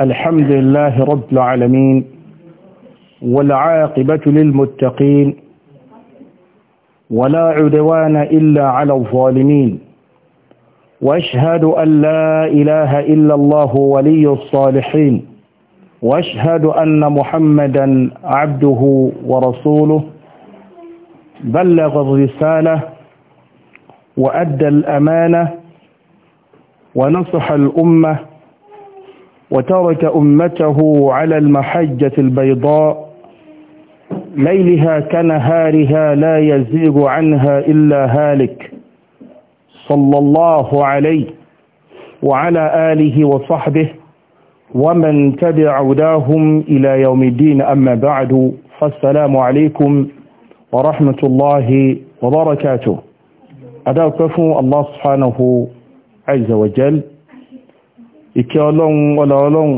الحمد لله رب العالمين والعاقبة للمتقين ولا عدوان إلا على الظالمين وأشهد أن لا إله إلا الله ولي الصالحين وأشهد أن محمدا عبده ورسوله بلغ الرسالة وأدى الأمانة ونصح الأمة وترك أمته على المحجة البيضاء ليلها كنهارها لا يزيغ عنها إلا هالك صلى الله عليه وعلى آله وصحبه ومن تبع هداهم إلى يوم الدين أما بعد فالسلام عليكم ورحمة الله وبركاته أدعوكم الله سبحانه عز وجل ìkẹ́ ọlọ́run ọlọ́ ọlọ́run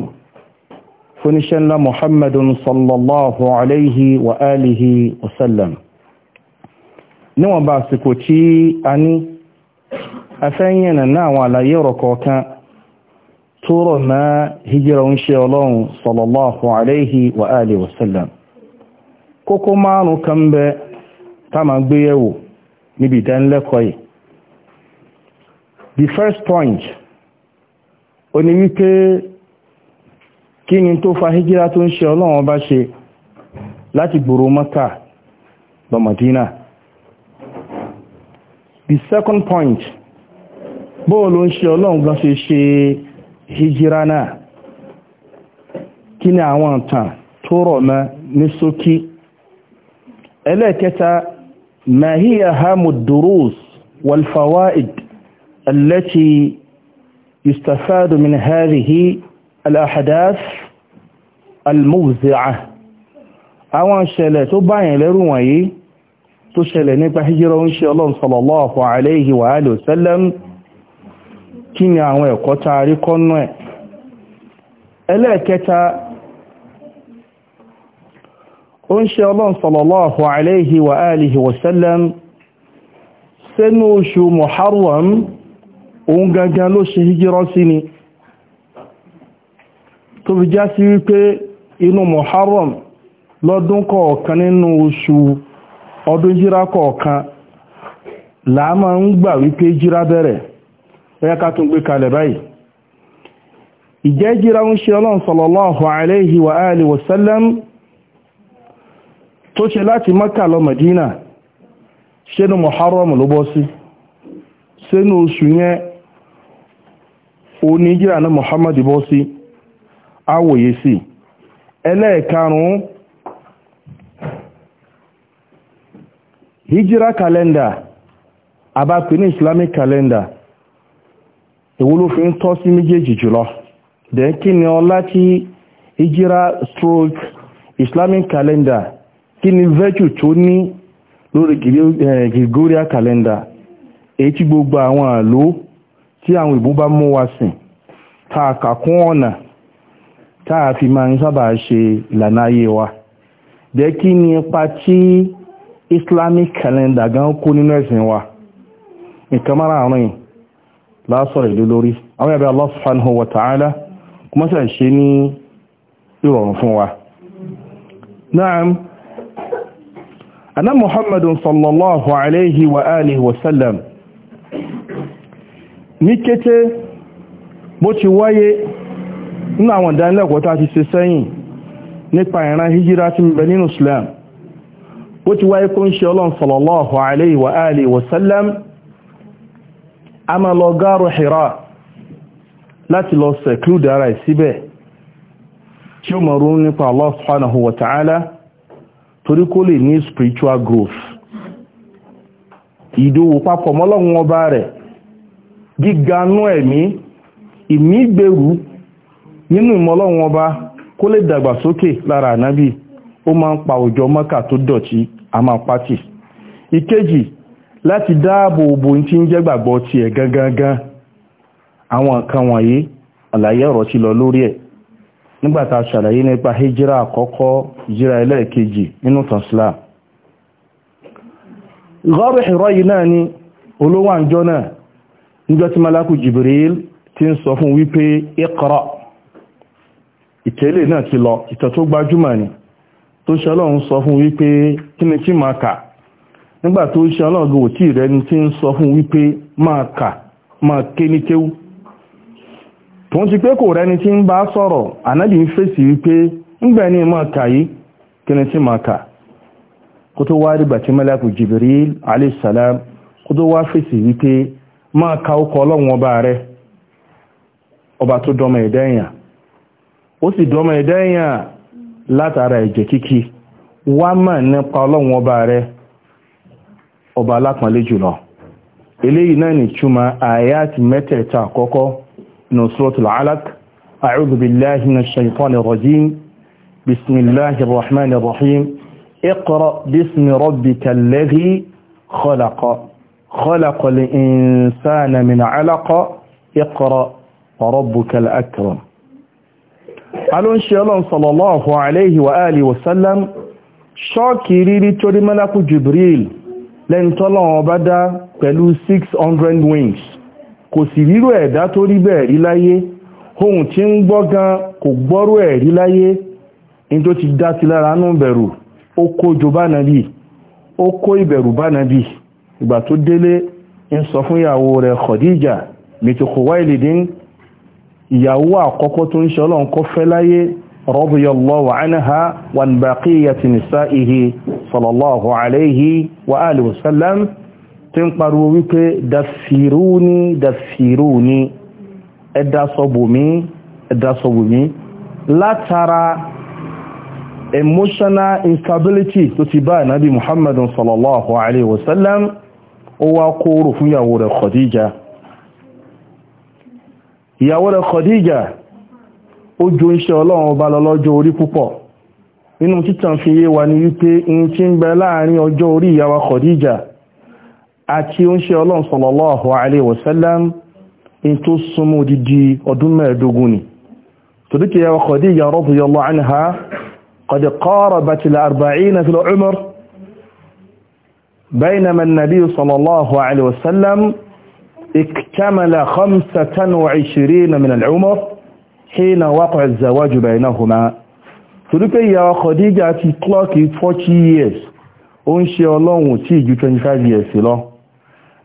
fúnníṣẹ́ ńlá muhammadun sallallahu alayhi wa alihi wa sallam níwọ̀n bá àsìkò tí a ní afẹ́yìn náà àwọn àlàyé ọ̀rọ̀ kọ̀ọ̀kan tó rọ̀ ná hijira ń ṣe ọlọ́run sallallahu alayhi wa alihi wa kókó márùn-ún kan bẹ tá máa gbéyẹ̀wò níbi ìdánilẹ́kọ̀ọ́ yìí the first point ó ní wípé kí ni tó fa hijira tó ń ṣe ọlọ́run bá ṣe láti gbòrò mọ́ta lọ the second point bóò ló ń ṣe ọlọ́run gan ṣe ṣe hijira náà kí ni àwọn ǹtàn tó rọ̀ mọ́ ní ṣókí ẹlẹ́ẹ̀kẹta mahiya hamud durus walfawaid allati يستفاد من هذه الأحداث الموزعة àwọn ṣẹlẹ̀ tó báyìn lẹ́rù wọ̀nyí tó ṣẹlẹ̀ nípa hijira ń ṣe ọlọ́run sallallahu alaihi wa alihi wa sallam kí ni àwọn ẹ̀kọ́ taari kọ́nú ẹ̀ ẹlẹ́ẹ̀kẹta ó ń ṣe ọlọ́run sallallahu alaihi wa alihi wa sallam sínú oṣù muharram òun gangan ló ṣe hijira sí ni tó fi já sí wípé inú Muharram lọ́dún kọ̀ọ̀kan nínú oṣù ọdún jíra kọ̀ọ̀kan láàmà ń gbà wípé jíra bẹ̀rẹ̀ ẹ̀yà tún gbé kalẹ̀ báyìí ìjẹ́ jíra ń ṣe ọlọ́run wa alihi wa sallam tó ṣe láti Mákà lọ Mẹdínà ṣe ní Muharram ló bọ́ sí sínú oṣù yẹn òní jíra náà Muhammad bọ́ sí awòye sí ẹlẹ́ẹ̀karùn-ún hijira kalenda abápẹ́ islamic kalenda èwo ló fi ń tọ́ sí méjèèjì jùlọ dẹ̀ kí ni ọlá tí hijira stroke islamic kalenda kí ni virtue tó ní lórí Gregorian kalenda èyí tí gbogbo àwọn àlòó tí àwọn ìbú bá mú wa sìn tá a kà kún ọ̀nà tá a fi máa sábà ṣe ìlànà ayé wa jẹ́ kí ni ipa tí islamic calendar gan kó nínú ẹ̀sìn wa nǹkan mara àrùn yìí lásọ̀rọ̀ ìlú lórí àwọn ẹ̀bẹ̀ Allah subhanahu wa ta'ala kó mọ́sà ṣe ní ìrọ̀rùn fún wa na'am anna muhammadun sallallahu alaihi wa alihi wa sallam ní kété bó ti wáyé nínú àwọn ìdánilẹ́kọ̀ọ́ tá ti ṣe sẹ́yìn nípa ìran hijira tí ń bẹ nínú islam bó ti wáyé kó ń ṣe ọlọ́n sallallahu wa alihi wa sallam a hira láti lọ seclude ara ìsíbẹ̀ tí ó mọ̀rún wa ta'ala torí kó lè ní spiritual growth ìdówó papọ̀ mọ́lọ́run ọba rẹ̀ gíganú ẹ̀mí ìmígbèrú nínú ìmọ̀lọ́run ọba kó lè dàgbàsókè lára ànábì ó máa ń pa òjò mọ́kà tó dọ̀tí a máa pátì ìkejì láti dáàbò òbò tí ń jẹ́ gbàgbọ́ ti gangan àwọn nǹkan wọ̀nyí àlàyé ọ̀rọ̀ ti lọ lórí ẹ̀ nígbàtà ṣàlàyé nípa hijira àkọ́kọ́ hijira ẹlẹ́ẹ̀kejì nínú tànsílà gọ́rù ìrọ́ náà ni olówó àǹjọ́ níjọ́ tí malaku jibril ti ń sọ fún wípé ìtẹ́lẹ̀ náà ti lọ ìtọ̀ tó gbajúmọ̀ ni tó ṣe ọlọ́run sọ fún wípé kí ni kí máa kà nígbà tó ṣe ọlọ́run tí rẹ̀ ni tí ń sọ fún wípé máa kà ti pé kò rẹni tí ń bá sọ̀rọ̀ ń fèsì wípé ńgbà ní máa kà kí ni tí máa kà kó tó wá rí bàtí jibril salam kó tó wá fèsì máa ka ọkọ̀ ọlọ́run ọba rẹ ọba tó dọmọ ẹ̀dá èèyàn ó sì dọmọ ẹ̀dá èèyàn látara ẹ̀jẹ̀ kíkí wá mọ̀ nípa ọlọ́run ọba rẹ ọba alápọ̀nlé jùlọ eléyìí náà nìtúmọ̀ ayat mẹ́tẹ̀ẹ̀ta àkọ́kọ́ nù suratul alaq a'udhu billahi minash rajim bismillahir rahmanir rahim iqra bismi rabbikal ladhi khalaqa خلق الإنسان من علق اقرأ وربك الأكرم alon إن شاء الله صلى الله عليه وآله وسلم ṣọ́ọ̀kì rírí torí mẹ́lákù jibril lẹ́ni tọ́lọ́run ọba dá pẹ̀lú 600 wings kò sì ríro ẹ̀dá tó rí bẹ́ẹ̀ rí láyé ohun tí ń gbọ́ gan kò gbọ́rú ẹ̀ rí láyé in tó ti dá sí lára nú bẹ̀rù ó kó jọ bá ó kó ìbẹ̀rù bá ìgbà tó délé ń sọ fún ìyàwó rẹ̀ Khadija mitukuwailidin ìyàwó àkọ́kọ́ tó ń ṣọlọ́n kọ́ fẹ́ láyé radiyallahu anha wa baqiyati nisa'ihi sallallahu alayhi wa alihi wa sallam tí ń pariwo wípé látara emotional instability tó ti bá ìnábi Muhammadun sallallahu alayhi wa ó wá kóòrò fún ìyàwó rẹ̀ Khadija ìyàwó rẹ̀ Khadija ó jo iṣẹ́ ọlọ́run ọba lọ lọ́jọ́ orí púpọ̀ nínú títàn fi yé wa ní wípé in tí ń bẹ láàrin ọjọ́ orí ìyàwó Khadija àti oúnṣẹ́ ọlọ́run sallallahu alaihi wasallam in tó súnmọ́ odidi ọdún mẹ́ẹ̀ẹ́dógún ni torí بينما النبي صلى الله عليه وسلم اكتمل خمسة وعشرين من العمر حين وقع الزواج بينهما torípé ìyá Khadija ti klọ́kì 40 years ó ń ṣe ọlọ́run tí ìjú 25 years lọ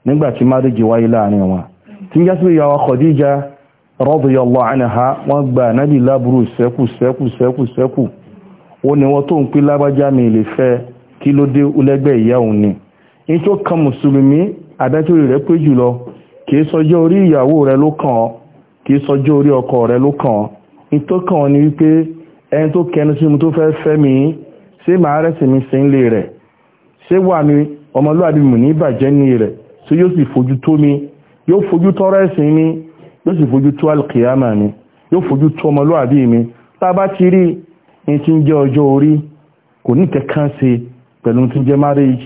nígbàtí márìjì wáyé láàrin wọn tí ń jásí ìyá Khadija radiyallahu anha wọ́n gba náàbì lábúrú sẹ́kù sẹ́kù sẹ́kù sẹ́kù ó ní wọ́n tó ń pín lágbájá mi lè fẹ́ kí ló dé ulẹ́gbẹ́ ìyá òun ni in tó kan mùsùlùmí àdájọ́ rẹ̀ pé jùlọ kìí sọjọ́ orí ìyàwó rẹ̀ ló kàn ọ́ kìí sọjọ́ orí ọkọ rẹ̀ ló kàn ọ́ in tó kàn ọ́ ni wípé ẹni tó kẹnu sí mi tó fẹ́ fẹ́ mi ṣé màá rẹ̀sìn mi sí ilé rẹ̀ ṣé wà mí ọmọlúwàbí mi ní ìbàjẹ́ ní rẹ̀ ṣé yóò sì fojú tó mi yóò fojú tọrọ ẹ̀sìn mi yóò sì fojú tó alkiyama mi yóò fojú tó ọmọlúwàbí mi tá a bá ti rí ní ti ń jẹ́ ọjọ́ orí kò ní kẹ̀kẹ́ pẹ̀lú ti ń jẹ́ marriage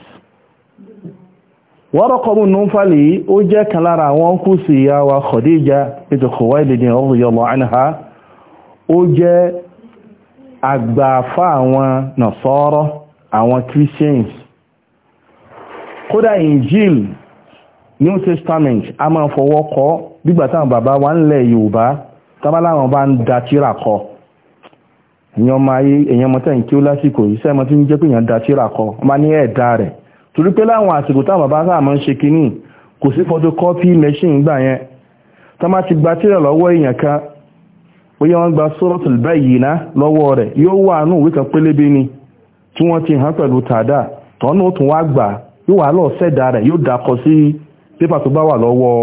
wọ́rọ̀kọ́bù núfàlì ó jẹ́ kan lára àwọn kú sí ìyá wa Khadija ètò Khuwaylid radiyallahu anha ó jẹ́ àgbàfà àwọn nàṣọ́rọ̀ àwọn Christians kódà Injil New Testament a máa fọwọ́ kọ gbígbà táwọn bàbá wa ń lẹ Yorùbá tábàláwọn bá ń da tíra kọ èèyàn máa yé ó lásìkò yìí sẹ́mọ́ ń jẹ́ pé èèyàn da tíra kọ ọmọ ní ẹ̀dá rẹ̀ torí pé láwọn àsìkò táwọn bàbá sáà máa ń ṣe kínní kò sí photocopy machine gbà yẹn tó má ti gba tiria lọ́wọ́ èèyàn kan oye wọ́n gba bụ Bayyinah lọ́wọ́ rẹ̀ yóò wà nù ìwé kan pélébé ni tí wọ́n ti hàn pẹ̀lú tàdá tọ́nà ó tún wá gbà yóò wà lọ́ọ̀ sẹ́dá rẹ̀ yóò dàkọ sí pépà tó bá wà lọ́wọ́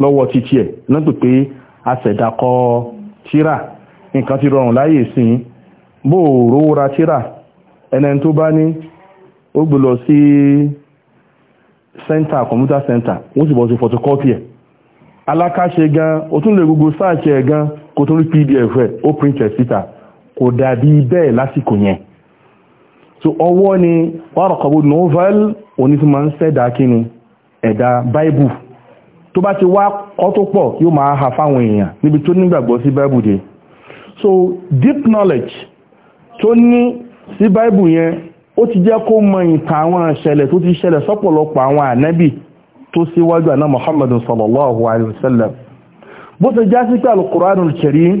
lọ́wọ́ títí ẹ̀ náà àṣẹ̀dàkọ nǹkan ti rọrùn láyè sí bó ra ó gbé lọ sí center computer center wọ́n sì bọ́ sí photocopy ẹ̀ alákàṣe gan o tún lè gbogbo sáàkì ẹ̀ gan kò tún rí pdf ẹ̀ ó print ẹ̀ síta kò dàbí bẹ́ẹ̀ lásìkò yẹn so ọwọ́ ni wárọ̀kọ̀bù novel onísìmọ̀ ń ṣẹ̀dá kíni ẹ̀dá bible tó bá ti wá kọ́ tó pọ̀ yóò máa ha fáwọn èèyàn níbi tó nígbàgbọ́ sí bible dé so deep knowledge tó ní sí bible yẹn ó ti jẹ́ kó mọ ìtàn àwọn ìṣẹ̀lẹ̀ tó ti ṣẹlẹ̀ sọ́pọ̀lọpọ̀ àwọn ànábì tó síwájú àná muhammadu sallallahu alayhi wa sallam bó ṣe já sí pé alukuranul karim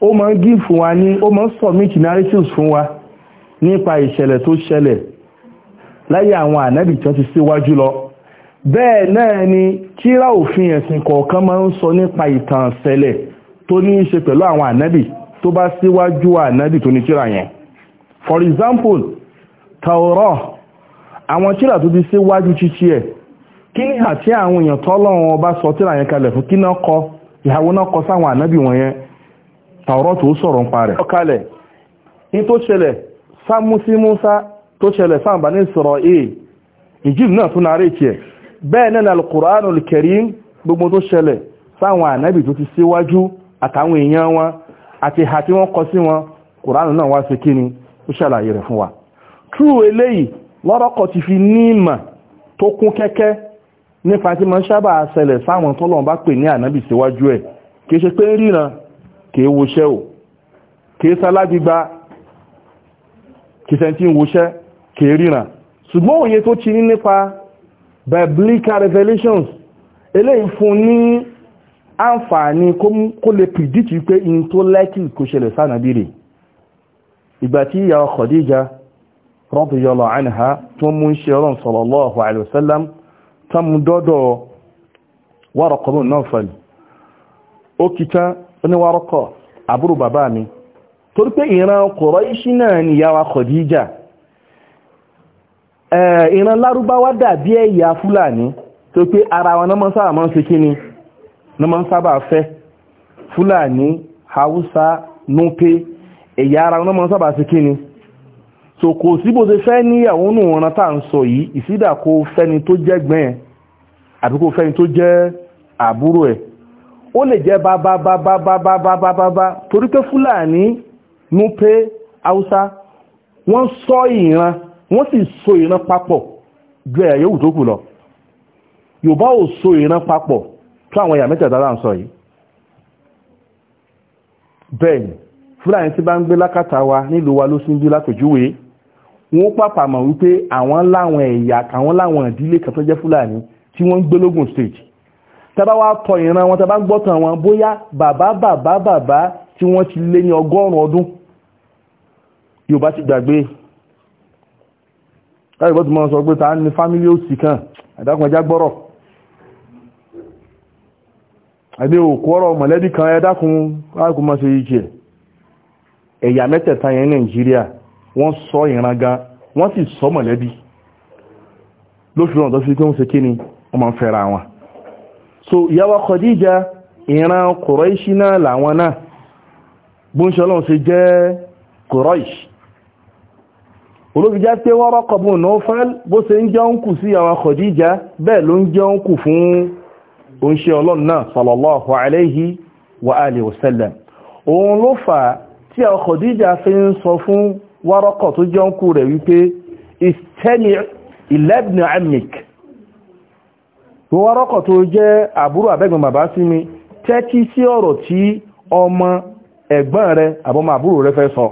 ó máa ń gí fún wa ní ó máa ń submit narratives fún wa nípa ìṣẹ̀lẹ̀ tó ṣẹlẹ̀ láyé àwọn ànábì tó ti síwájú lọ bẹ́ẹ̀ náà ni kíra òfin ẹ̀sìn kọ̀ọ̀kan máa ń sọ nípa ìtàn ṣẹlẹ̀ tó ní ṣe pẹ̀lú àwọn ànábì tó bá síwájú ànábì tó ní kíra yẹn for example Taurah àwọn tíra tó ti síwájú títí ẹ̀ kí ní àti àwọn èèyàn tọ́lọ́run ọba sọ tíra yẹn kalẹ̀ fún kí náà kọ ìyàwó náà kọ sáwọn ànábì wọn yẹn Taurah tó sọ̀rọ̀ ń Musa tó ṣẹlẹ̀ náà tún náà bẹ́ẹ̀ náà gbogbo tó ṣẹlẹ̀ sáwọn ànábì tó ti àtàwọn èèyàn wọn àti ìhà tí wọ́n wọn Kùránù náà wá sí kíni ó ṣàlàyé rẹ̀ fún wa true eléyìí lọ́rọ́kọ̀ ti fi ní ìmọ̀ tó kún kẹ́kẹ́ nípa tí ma ń sábà ṣẹlẹ̀ sáwọn tọ́lọ̀n bá pè ní ànábì síwájú ẹ̀ kìí ṣe pé ríran kìí woṣẹ́ ò kìí sálágbígba kìí sẹ́ntí woṣẹ́ kìí ríran ṣùgbọ́n òye tó ti ní nípa biblical revelations eléyìí fún ní àǹfààní kó lè predict pé in tó lẹ́kì kò ṣẹlẹ̀ sánàbí ìgbà tí ìyàwó Khadija radiyallahu anha tó mú ń ṣe ọlọ́run sallallahu alaihi wasallam tó mú dọ́dọ̀ Waraqah bin Nawfal ó kìtá ní Waraqah àbúrò bàbá mi torí pé ìran Quraishi náà ni yàwá Khadija ìran lárúbáwá dàbí ẹ̀yà fúlàní tó pé ara wọn náà sábà máa so kò sí bó ṣe fẹ́ níyàwó nù ọ̀ràn tá à ń sọ yìí ìsídà kó fẹ́ni tó jẹ́ gbẹ́n ẹ̀ àbí kó fẹ́ni tó jẹ́ àbúrò ẹ̀ ó lè jẹ́ bábábábábábábábá torí pé fúlàní núpé haúsá wọ́n sọ ìran wọ́n sì so ìran papọ̀ ju ẹ̀yà yòówù tó kù lọ yorùbá ò so ìran papọ̀ tó àwọn ẹ̀yà mẹ́tẹ̀ẹ̀ta là ń sọ yìí bẹ́ẹ̀ ni fúlàní tí bá ń gbé lákàtà wa nílùú wa ló sì ń gbé látòjúwèé wọ́n pàpà mọ̀ wípé àwọn láwọn ẹ̀yà àwọn láwọn ìdílé kan tó jẹ́ fúlàní tí wọ́n ń gbé lógun stage tẹ́bá wá tọ ìran wọn tẹ́bá gbọ́tàn wọn bóyá bàbá bàbá bàbá tí wọ́n ti lé ní ọgọ́rùn-ún ọdún Yorùbá ti gbàgbé ẹ̀rọ tó mọ́ sọ pé ta ní fámílì òsì kan àdákùn ẹjá gbọ́rọ̀ ẹgbẹ́ òkú ọ̀rọ̀ mọ̀lẹ́bí kan ẹdákùn láàkùn mọ́ sí ìjẹ́ ẹ̀yà mẹ́tẹ̀ẹ̀ta yẹn Nàìjíríà wọ́n sọ ìran gan wọ́n sì sọ mọ̀lẹ́bí lóṣù náà tó fi pé wọ́n ṣe kí ni wọ́n máa ń fẹ́ra wọn so ìyàwó Khadija ìran Quraishi náà làwọn náà bó ń ṣe ọlọ́run ṣe jẹ́ Quraish olóbijá pé wọ́n rọ́kọ̀ bó náà bó ṣe ń jẹun kù sí ìyàwó Khadija bẹ́ẹ̀ ló ń jẹun kù fún oúnṣẹ́ ọlọ́run náà sallallahu alayhi wa alihi wa sallam òun ló fà tí àwọn Khadija fi ń sọ fún wárọ́kọ̀ tó jọ ń kú rẹ̀ wípé ìstẹ́ni ìlẹ́bìnà amik wárọ́kọ̀ tó jẹ́ àbúrò abẹ́gbọ̀n bàbá sí mi tẹ́tí sí ọ̀rọ̀ tí ọmọ ẹ̀gbọ́n rẹ̀ àbọ́mọ àbúrò rẹ̀ fẹ́ sọ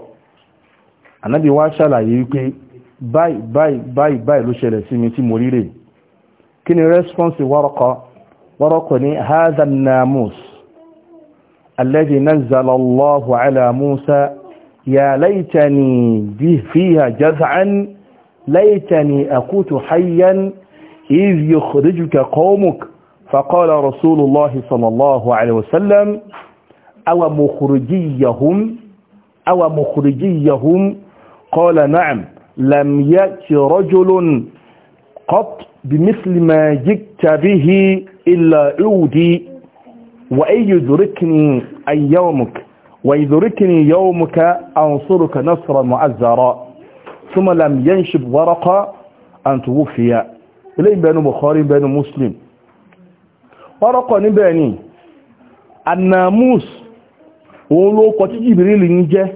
ànábì wá ṣàlàyé wípé báyìí báyìí báyìí ló ṣẹlẹ̀ sí mi tí mo ríre kí ni rẹ́spọ́nsì wárọ́kọ̀ wárọ́kọ̀ ní hazan namus alladhi يا ليتني به فيها جزعا ليتني أكوت حيا إذ يخرجك قومك فقال رسول الله صلى الله عليه وسلم أو مخرجيهم أو مخرجيهم قال نعم لم يأت رجل قط بمثل ما جئت به إلا أودي وأن يدركني أن يومك ويذركني يومك أنصرك نصرا معزرا ثم لم ينشب ورقة أن توفي إليه بين بخاري بين مسلم ورقة نباني الناموس olóòkọ̀ tí jìbìrìlì ń jẹ́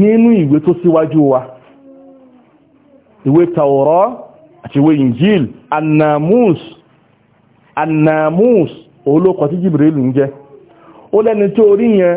nínú ìwé tó síwájú wa ìwé tàwọ̀rọ̀ àti ìwé injil annamus annamus olóòkọ̀ tí jìbìrìlì ń jẹ́ ó lẹ́ni tó orí yẹn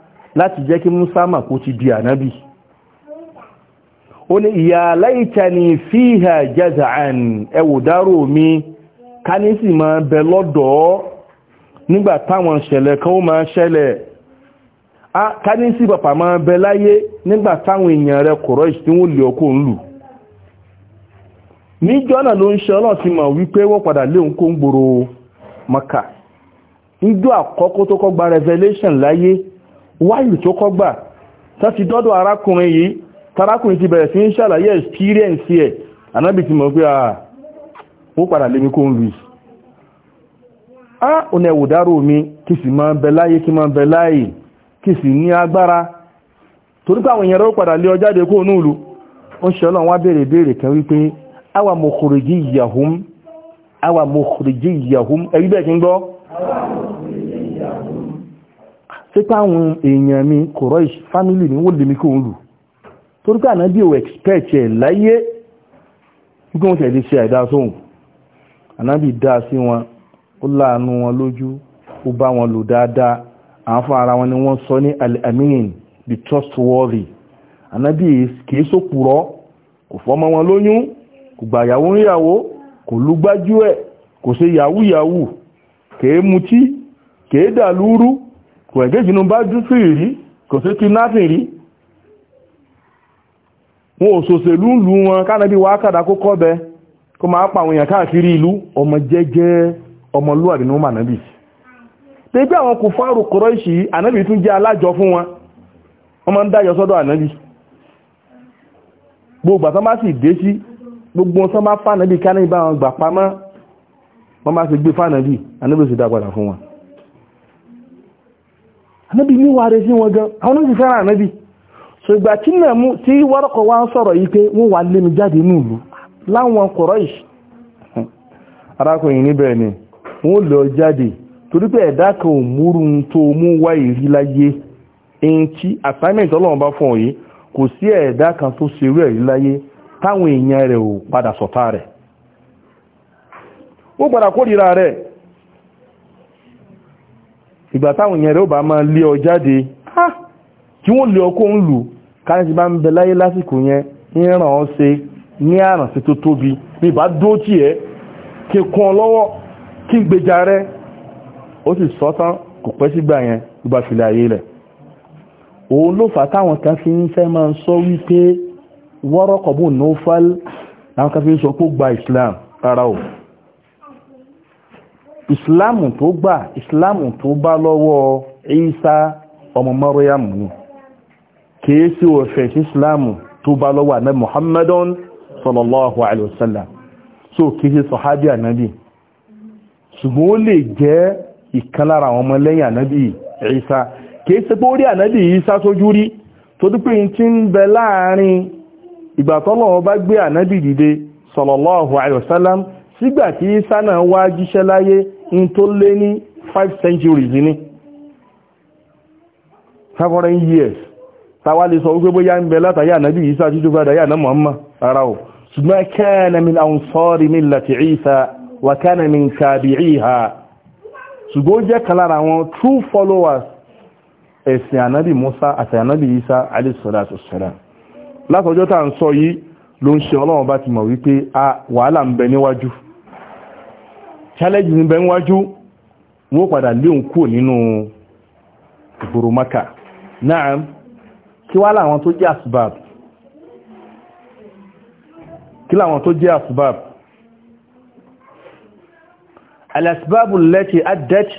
láti jẹ́ kí Musa mà kó ti di ànábì ó ní ìyá laitani fíhà jaza'an ẹwò dárò mi ká ní sì máa bẹ lọ́dọ̀ nígbà táwọn ṣẹlẹ̀ kan ó máa ṣẹlẹ̀ ká ní sí bàbá máa bẹ láyé nígbà táwọn èèyàn rẹ kọ̀rọ̀ ìṣtí wọ́n lè ọkọ̀ ń lù ní jọ́nà ló ń ṣe ọlọ́ọ̀tí ma wípé wọ́n padà lé òun kó ń gbòrò Maka ìjọ àkọ́kọ́ tó kọ́ gba revelation láyé wáyù tó kọ́gbà tá ti dọ́dọ̀ arákùnrin yìí tarákùnrin ti bẹ̀rẹ̀ sí ń ṣàlàyé experience ẹ̀ anábì ti mọ̀ pé à ah, ó padà lè mi kó ń rí á ònà ẹ̀wò dárò mi kì sì máa bẹ láyé kí máa bẹ láyé kì sì ní agbára torí pé èèyàn rọ́ padà lé ọ jáde kó ní ìlú yahum àwa mọ̀kùrìjì yahum ẹgbẹ́ kí ń gbọ́ ṣé táwọn èèyàn mi Quraish fámílì mi wọ́n lè mi kí òun lù torí pé ànábì ò expect ẹ̀ láyé nígbà wọn tẹ̀lé ṣe àìdá sóhun ànábì dá sí wọn ó láàánú wọn lójú ó bá wọn lò dáadáa àwọn ara wọn ni wọ́n sọ ní al-amin trustworthy ànábì kìí sòpùrọ́ kò fọmọ wọn lóyún kò gbà yàwó ń yàwó kò lùgbájú ẹ̀ kò ṣe yàwú yàwú kèé mutí kèé dàlúrú kò ẹ̀gẹ́ ìjìnú bá júfì rí kò sí kí náàfì rí wọn òṣòṣèlú ń lú wọn kánàbí wá kàdà kó kọ́ bẹ kó máa pa àwọn èèyàn káàkiri ìlú ọmọ jẹ́jẹ́ ọmọlúwàbí ní mànàbí pẹ̀lú àwọn kò fárò kọ́rọ́ ìṣì ànábì tún jẹ́ alájọ fún wọn wọ́n máa ń dájọ sọ́dọ̀ ànábì gbogbo àtọ́ bá sì dé sí gbogbo ọ̀sán bá fánàbì bá wọn gbà pamọ́ wọ́n bá sì gbé fánàbì ànábì sì dá padà fún wọn anabi ní a rẹ̀ sí wọn gan àwọn náà sì so tí náà mú sọ̀rọ̀ yìí pé wọ́n wà mi jáde ní ìlú láwọn Quraish arákùnrin níbẹ̀ ni wọ́n lọ jáde torípé pé ẹ̀dá tó mú wá láyé assignment bá fún kò sí tó láyé táwọn ò padà kórìíra ìgbà táwọn èèyàn rẹ̀ ó bá máa lé ọ jáde kí wọ́n lé ọkọ̀ ń lù káàkiri bá ń bẹ láyé lásìkò yẹn ń ràn ọ́ ṣe ní àrànṣe tó tóbi bí bá dúró tì ẹ́ kí kún ọ lọ́wọ́ kí n gbèjà rẹ ó sì sọ tán kò pẹ́ sígbà yẹn ló bá ayé rẹ̀ òun ló fà táwọn kan fi ń fẹ́ máa ń sọ wípé wọ́rọ́kọ̀ bò nófàl kan fi ń sọ pé ó gba Islam rárá o ìsìláàmù tó gbà ìsìláàmù tó bá lọ́wọ́ Ìsá ọmọ Maryam ni kìí sí òfẹ́ sí ìsìláàmù tó bá lọ́wọ́ àná Muhammadun sallallahu alaihi wasallam so kìí sí sọ̀hábí ànábì ṣùgbọ́n ó lè jẹ́ ìkan lára àwọn ọmọ lẹ́yìn ànábì Ìsá kìí sí pé ó rí ànábì Ìsá sójú rí tó dúpẹ́ tí ń alaihi wasallam sígbà tí Ìsá náà in tó lé ní 5 centuries ní 500 years tàwà lè sọ wípé bóyá ń bẹ látàyà nàbí Isa títí fàdáyà náà Muhammad ara ò ṣùgbọ́n kana min ansari millati Isa wa kana min tabi'iha ṣùgbọ́n jẹ́ kalára àwọn true followers ẹ̀sìn ànábì Musa àti ànábì Isa alayhi salatu wassalam látọjọ́ tàà ń sọ yìí ló ń ṣe ọlọ́run bá ti mọ̀ wípé wàhálà ń bẹ níwájú challenge ní bẹ́ẹ̀ wájú wọ́n padà lé òun kúrò nínú ìgboro maka náà kí wá láwọn tó jẹ́ asbab kí láwọn tó jẹ́ asbab الأسباب التي أدت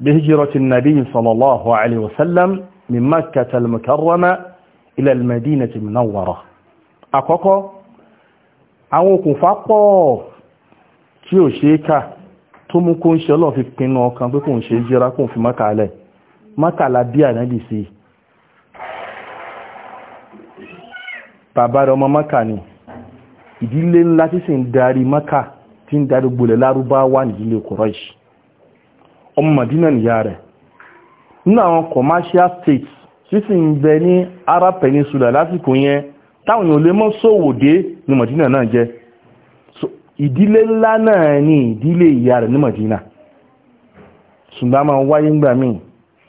بهجرة النبي صلى الله عليه وسلم من مكة المكرمة إلى المدينة المنورة àkọ́kọ́ àwọn okùnfà pọ̀ tí ó ṣe é kà tó mú kó ń ṣe ọlọ́run fi pinnu ọkàn pé kò ń ṣe jíra kò ń fi mọ́kà lẹ̀ mọ́kà la bí ànábì sí bàbá rẹ̀ ọmọ mọ́kà ni ìdílé ńlá tí sì ń darí mọ́kà tí ń darí gbolẹ̀ lárúbáwá nídílé kùrọ́ìṣì ọmọ mọ̀dínà nìyá rẹ̀ nínú àwọn commercial states sísì ń bẹ ní arab peninsula lásìkò yẹn táwọn èèyàn lè mọ́ sòwòdé ní mọ̀dínà náà jẹ́ ìdílé ńlá náà ní ìdílé ìyá rẹ̀ ní Madina ṣùgbọ́n máa wáyé ńgbà míì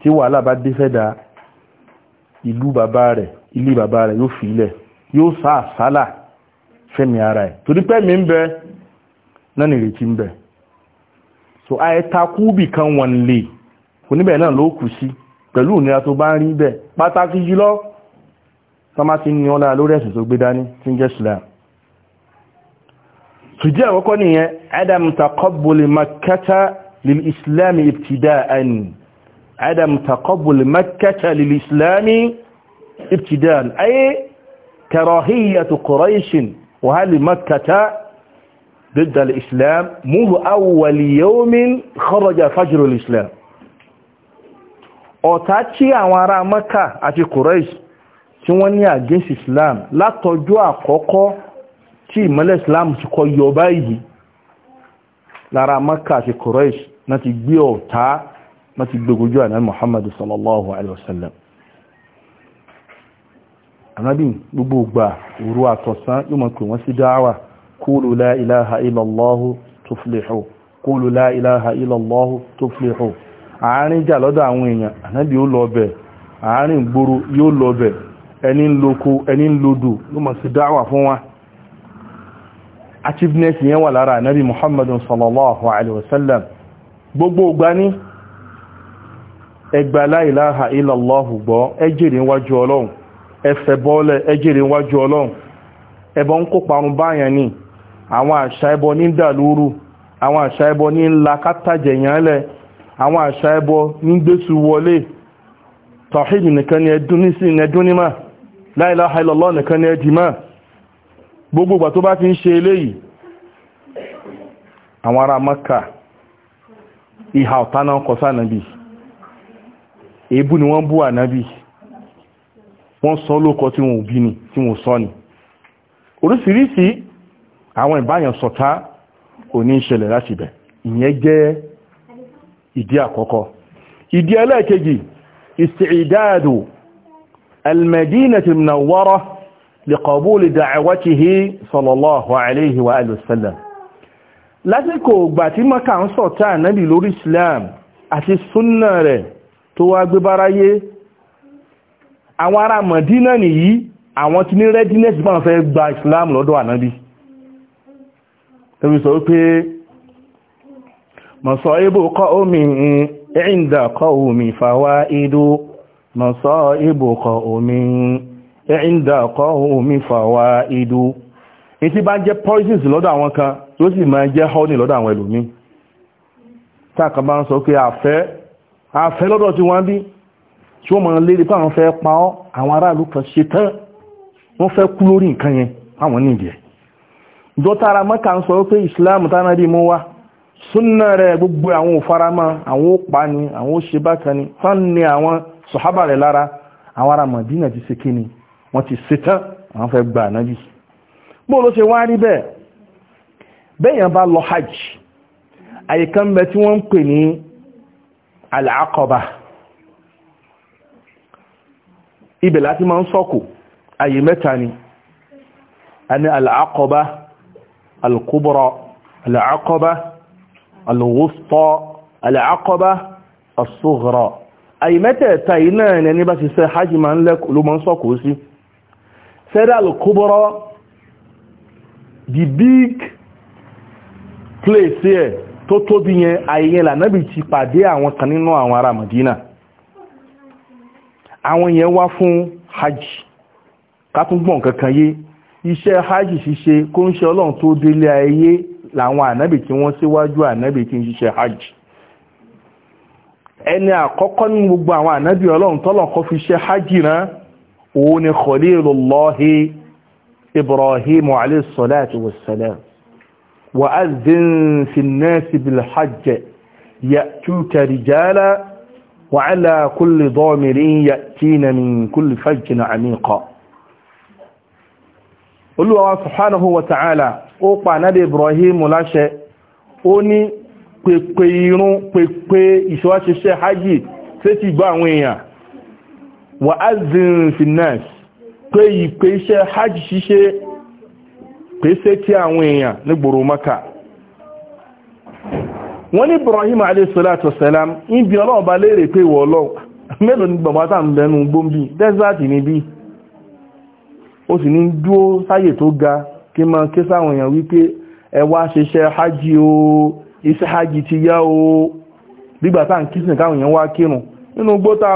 tí wàhálà bá dé fẹ́dà ìlú bàbá rẹ̀ ilé bàbá rẹ̀ yóò fìlẹ̀ yóò sá àsálà fẹ́mi ara ẹ̀ torí pé mi ń bẹ náà nìrètí ń bẹ so àìtakú bì kan wọn lè oníbẹ̀ náà ló kù sí pẹ̀lú ìnira tó bá ń rí bẹ́ẹ̀ pàtàkì jùlọ tọ́mátì ní ọlá lórí ẹ̀sìn tó gbé dání tí ń jẹ́ Islam sùjúdù àkọ́kọ́ nìyẹn adam taqabbul makkata lil islam ibtida'an adam taqabbul makkata lil islam ibtida'an ay karahiyatu quraish wa hal makkata ضد الإسلام منذ أول يوم خرج فجر الإسلام ọ̀tá tí àwọn ará Mẹ́kà àti Quraysh tí wọ́n ní against Islam látọjọ́ àkọ́kọ́ tí ìmọ́lẹ̀ islam ti kọ yọ báyìí lára maka àti quraish na ti gbé ọ̀tá na ti gbogbo àná muhammad sallallahu alaihi wasallam anábì gbogbo gbà òru àtọ̀sán yóò mọ̀ pé wọ́n sí dáwà qulu la ilaha illallah tuflihu qulu la ilaha illallah tuflihu àárín jà lọ́dọ̀ àwọn èèyàn anábì ó lọ bẹ̀ àárín gbòòrò yóò lọ bẹ̀ ẹni ń loko ẹni ń lodò ló mọ̀ sí dáwà fún wa achievement yẹn wà lára nabi muhammadu sallallahu alaihi wasallam gbogbo ògbà ní ẹgbà la ilaha gbọ́ ẹjìrì ọlọ́run ẹfẹ̀ bọ́ọ̀lẹ̀ ẹjìrì ọlọ́run ní àwọn àṣà ní nìkan ní gbogbo ìgbà tó bá fi ń ṣe eléyìí àwọn ará Mẹ́kà ìhà ọ̀tá náà kọ sánàbì èébú ni wọ́n bú ànábì wọ́n sọ lókọ tí wọ́n bí ni tí wọ́n sọ ni oríṣiríṣi àwọn ìbáyàn sọ̀tá ò ní ṣẹlẹ̀ láti bẹ̀ ìyẹn jẹ́ ìdí àkọ́kọ́ ìdí ẹlẹ́ẹ̀kejì ìsìdáàdù almadinati munawwara لقبول دعوته صلى الله عليه وآله وسلم lásìkò ìgbà tí maka ń sọ̀tá ànábì lórí islam àti súnnà rẹ̀ ye wá gbé báráyé àwọn ará mọ̀dínà nìyí àwọn tí ní readiness bá ń gba islam lọ́dọ̀ ànábì tẹ́bí sọ pé masaibu qaumi inda qaumi fawaidu masaibu qaumi ẹ̀ǹda qawmi fawaidu etí bá jẹ́ poisons lọ́dọ̀ àwọn kan yóò sì máa jẹ́ honey lọ́dọ̀ àwọn ẹlòmíì táàkà bá ń sọ pé àfẹ́ àfẹ́ lọ́dọ̀ tí wọ́n bí tí wọ́n máa lérí pé fẹ́ pa ọ́ àwọn aráàlú kan ṣe tán wọ́n fẹ́ kú lórí nǹkan yẹn àwọn ń sọ pé Islam mú súnà rẹ̀ gbogbo àwọn àwọn òpa ni àwọn òṣèbákan ni fáwọn ni àwọn sọ̀hábà rẹ̀ lára àwọn ará wọ́n ti ṣetán àwọn fẹ́ gba ànábì bóò ló ṣe wá rí bẹ́ẹ̀ bẹ́yàn bá lọ hajj àyíká ń bẹ tí wọ́n ń pè ní al-Aqaba ibẹ̀ láti máa ń sọ́kù àyè mẹ́ta ni a ní al-Aqaba al-Kubra al-Aqaba àyè mẹ́tẹ̀ẹ̀ta yìí náà ni ẹni bá ti ṣe hajj máa ń lẹ́kù ló máa ń sọ́kù sí Saida al-Kubra, the big place here tó tóbi yẹn àyẹ̀yẹ̀ lànàbì ti pàdé àwọn kan nínú àwọn ará Madina àwọn yẹn wá fún hajj kátúngbọ̀n kankan yé iṣẹ́ hajj ṣíṣe kó ń ṣe ọlọ́run tó délé ayé làwọn ànábì tí wọ́n síwájú ànábì tí ń ṣiṣẹ́ hajj ẹni àkọ́kọ́ ní gbogbo àwọn ànábì ọlọ́run tọ́lọ̀ kọ́ fi ṣe hajj rán òun ni khalilullahi ibrahim alayhi salatu wassalam wa azin fi nasi bil hajj ya'tuka rijala wa ala kulli dhamirin ya'tina min kulli fajjin amiqa Olúwa subhanahu wa ta'ala ó pa nabi ibrahim láṣẹ ó ní pèpè irun pèpè ìṣọ́ṣeṣẹ́ hajji tí ti gbọ́ àwọn èèyàn wà á zin finance pé ìpè iṣẹ́ hajj ṣíṣe pèsè tí àwọn èèyàn ní gbòrò maka wọ́n ní Ibrahim aleyhisselatu wasalam ibi ọlọ́run bá léèrè pé ìwọ̀ ọlọ́run mélòó ní bàbá tá ń bẹnu gbóǹbì dẹ́sàtì níbí ó sì ní dúó sáyè tó ga kí máa ké sáwọn èèyàn wípé ẹ wá ṣeṣẹ́ hajj o iṣẹ́ hajj ti yá o bígbà tá ń kí sìn káwọn èèyàn wá kírun nínú gbó tá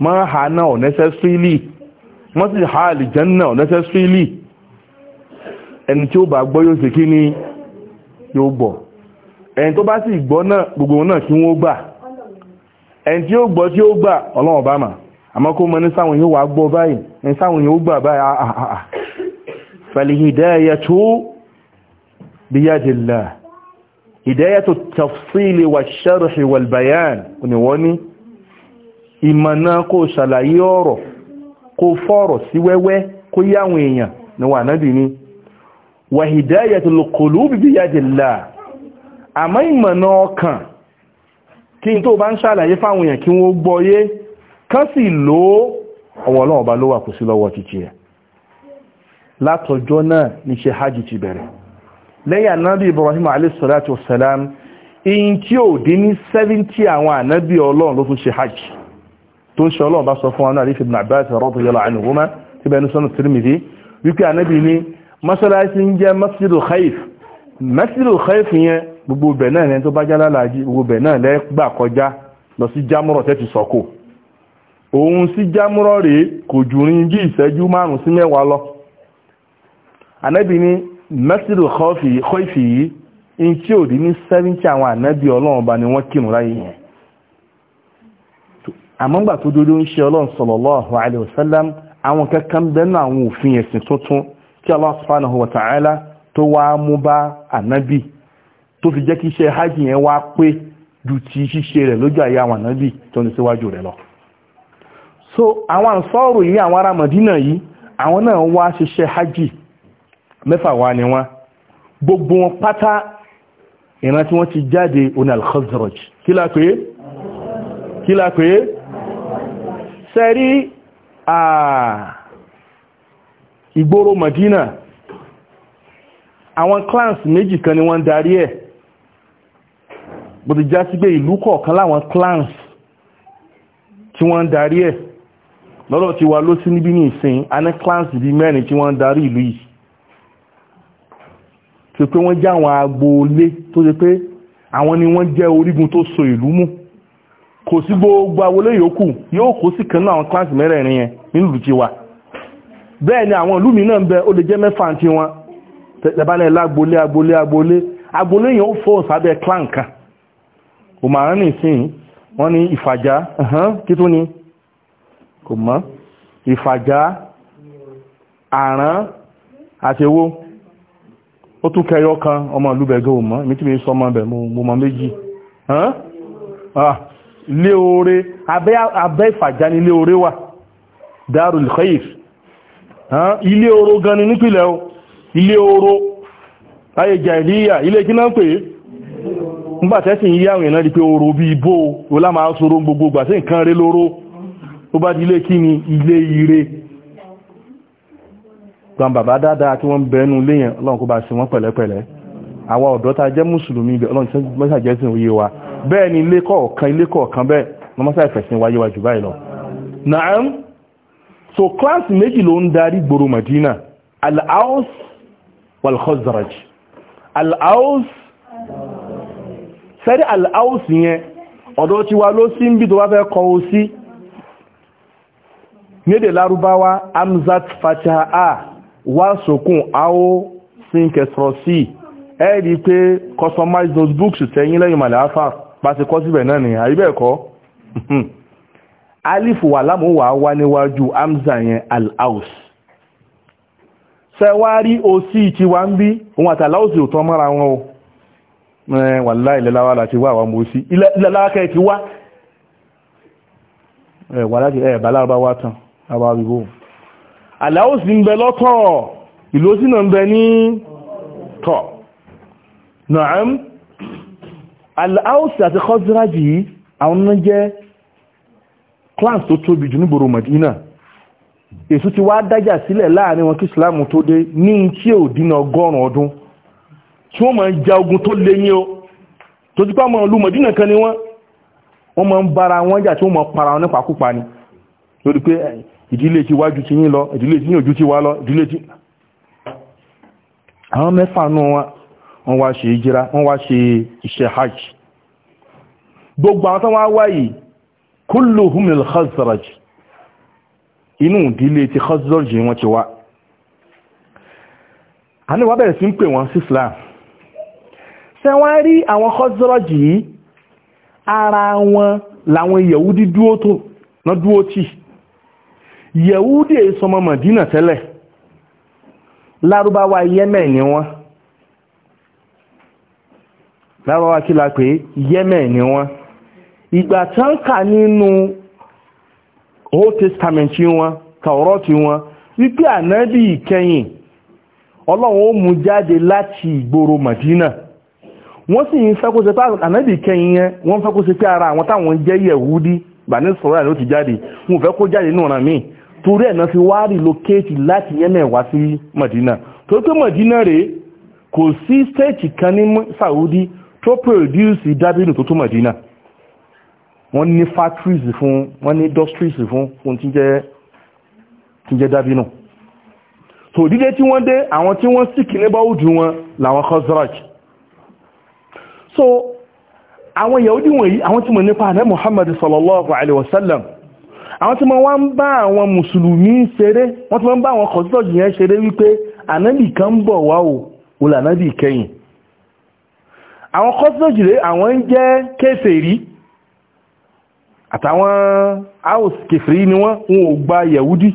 wọ́n hà náà necessarily wọ́n sì hà àlìjẹ́n náà necessarily ẹni tí ó bá gbọ́ yóò ṣe kí ni yóò gbọ́ ẹni tó bá sì gbọ́ náà gbogbo náà kí wọ́n gbà ẹni tí ó gbọ́ tí ó gbà ọlọ́wọ̀n bá mà àmọ́ kó mọ ní sáwọn yóò wá gbọ́ báyìí ní sáwọn yóò gbà báyìí àhàhà فالهداية بيد الله هداية التفصيل والشرح والبيان ونواني ìmọ̀nà kó ṣàlàyé ọ̀rọ̀ kó fọ́rọ̀ sí wẹ́wẹ́ kó yé àwọn èèyàn ni wà náàbì ni wa hidayatul qulubi bi yadillah àmọ́ ìmọ̀nà ọkàn kí n tó bá ń ṣàlàyé fáwọn èèyàn kí wọ́n gbọ́yé kán ibrahim tí 70 àwọn ànábì ọlọ́run ló tún ṣe hajj tó ń ṣe ọlọ́run bá sọ fún wa náà àdíṣe ibn Abbas radiyallahu anhuma tí bẹnu sọ́nà Tirmidhi wípé ànábì ní mọ́ṣáláṣí ń jẹ́ masjidul khaif masjidul khaif yẹn gbogbo bẹ̀ náà lẹ́yìn tó bá jálá làájí gbogbo bẹ̀ náà lẹ́ gbà kọjá lọ sí jámúrọ̀ tẹ́ ti sọ́kò òun sí jámúrọ̀ rèé kò jù rin bí ìṣẹ́jú márùn-ún sí mẹ́wàá lọ ànábì ní masjidul khaif yìí in tí ò dín ní 70 àwọn ànábì ọlọ́run ọba ni wọ́n kírun láyé yẹn àmọ́gbà tó dodo ń ṣe ọlọ́run sallallahu alaihi wasallam àwọn kankan bẹ́ẹ̀ náà àwọn òfin ẹ̀sìn tuntun tí Allah subhanahu wa ta'ala tó wá mú bá ànábì tó fi jẹ́ kí iṣẹ́ hajj yẹn wá pé ju ti ṣíṣe rẹ̀ lójú àyà àwọn ànábì tó ní síwájú rẹ̀ lọ. so àwọn ànsọ́ọ̀rù yìí àwọn ará Mọ̀dínà yìí àwọn náà wá ṣiṣẹ́ hajj mẹ́fà wá ni wọ́n gbogbo wọn pátá ìran tí wọ́n ti jáde oní kí la kí la sẹ́rí ìgboro Madina àwọn clans méjì kan ni wọ́n darí ẹ̀ bó ti já sí pé ìlú kọ̀ọ̀kan láwọn clans tí wọ́n darí ẹ̀ lọ́dọ̀ tí wà ló sí níbi ní ìsìn a ní clans bí mẹ́rin tí wọ́n darí ìlú yìí tí pé wọ́n jẹ́ àwọn agboolé tó ṣe pé àwọn ni wọ́n jẹ́ orígun tó so ìlú mú kò sí gbogbo awolé yòókù yóò kó sí kan náà àwọn kíláàsì mẹ́rẹ̀ẹ̀rin yẹn nílùú tiwa bẹ́ẹ̀ ni àwọn ìlú mi náà ń bẹ ó lè jẹ́ mẹ́fà tí wọn tẹ̀balẹ̀ lágbolé agbolé agbolé agbolé yẹn ó fọ́ sábẹ́ clan kan kò máa ń nìsín wọ́n ní ìfàjá kí tó ni kò mọ́ ìfàjá àrán àṣewó ó tún kẹyọ kan ọmọ ìlú bẹ̀gẹ́ ò mọ́ èmi tí mi sọ ọmọ bẹ̀ mo mọ méjì lé oore abẹ́ ìfàjá ni lé oore wà darul khair ilé oro gan ni nípìlẹ̀ o ilé oro ayé jàìlíyà ilé kí náà pè é nígbàtẹ́ sì ń yí àwọn èèyàn rí pé oro bí ibó o lá máa sọ̀rọ̀ gbogbo gbà sí nǹkan rẹ lóró ó bá di ilé kí ni ilé ire gbàmbàbá dáadáa tí wọ́n bẹ̀ẹ́nu léyàn ọlọ́run bá sí wọ́n pẹ̀lẹ́pẹ̀lẹ́ àwa ọ̀dọ́ tá a jẹ́ mùsùlùmí ibẹ̀ ọlọ́run tí wọ́n ṣàjẹ́ sí òye wa bẹ́ẹ̀ ni ilé kọ̀ọ̀kan ilé kọ̀ọ̀kan bẹ́ẹ̀ wọ́n mọ́sá ìfẹ̀sìn wáyé wa jù báyìí lọ. naam so class méjì ló ń darí gbòòrò Madina al-Aws wal-Khazraj al-Aws sẹ́rí al-Aws yẹn ọ̀dọ́ tí wa ló sí ń bí tó wá fẹ́ kọ sí nídè lárúbáwá amzat fataha a wá sókun aó sínkẹsọ̀rọ̀ sí i ẹ rí i pé customize notebooks tẹ́yìn lẹ́yìn màláfà pàṣẹ kọ́ síbẹ̀ náà ni àyíbẹ̀ ẹ̀kọ́ alifu wà lámùwà wá níwájú amza yẹn alhaus sẹwárí òsì tiwa ń bí òun àti alhaus ò tán mọ́ra wọn o wàlá ìlẹ́láwà láti wá àwọn ọmọ òsì ìlẹ́láwà kẹ́ ti wá ẹ̀bàlárabá wá tán àwọn arúgbó alhaus ń bẹ lọ́tọ̀ ìlú òsì náà ń bẹ ní tọ̀ na'am al-Ausi àti Khazraji yìí àwọn náà jẹ́ clans tó tóbi jù nígboro Madina èso ti wá dájà sílẹ̀ láàrin wọn kí Islam tó dé ní tí ò dínà ọgọ́rùn ọdún tí wọ́n máa ń ja ogun tó lé yín o tó ti pàmọ́ ìlú Madina kan ni wọ́n wọ́n máa ń bára wọn jà tí wọ́n máa para wọn nípa kúpa ni lórí pé ìdílé ti wájú ti yín lọ ìdílé ti yín ojú ti wá lọ ìdílé ti àwọn mẹ́fà nù wọn wọ́n wá ṣe ìjírá wọ́n wá ṣe iṣẹ́ hajj gbogbo àwọn tó wá wáyé kulluhum lil khazraj inú ìdílé ti khazraj wọ́n ti wá a ní wá bẹ̀rẹ̀ sí ń pè wọ́n sí islam ṣe wọ́n rí àwọn khazraj yìí ara wọn làwọn yẹ̀wúdí dúó tì yẹ̀wúdí èso ọmọ mọ̀dínà tẹ́lẹ̀ lárúbáwá yemen ni wọ́n lábáwá kí la pé yemen ni wọ́n ìgbà tán kà nínú old testament wọn tàwọ́rọ́tì wọn wípé ànábì ìkẹyìn ọlọ́run ó mú jáde láti ìgboro madina wọ́n sì ń fẹ́ kó ṣe pé ànábì ìkẹyìn yẹn wọ́n fẹ́ kó ṣe pé ara àwọn táwọn jẹ́ yẹ̀wúdí bàní sọ̀rọ̀ ló ti jáde wọn fẹ́ kó jáde náà ràn mí torí ẹ̀ náà fi wá relocate láti yemen wá sí madina torí pé madina rèé kò sí stéètì kan ní saudi tó produce dábìnù tó tó Mọ̀dínà wọ́n ní factories fún wọ́n ní industries fún ohun tí ń jẹ́ dábìnù tó dídé tí wọ́n dé àwọn tí wọ́n sì kìíní bá ojú wọn làwọn Khazraj so àwọn Yahudi wọ̀nyí àwọn tí mọ̀ nípa àná Muhammad sallallahu alaihi wasallam àwọn tí mọ̀ wá ń bá àwọn mùsùlùmí ṣeré wọ́n tí wọ́n ń bá àwọn Khazraj yẹn ṣeré wípé ànábì kan bọ̀ wá o olànábì kẹ́yìn àwọn kọ́sílẹ̀jì rẹ̀ àwọn ń jẹ́ kèfèrí àtàwọn house kèfèrí ni wọ́n wọn ò gba yẹ̀wúdí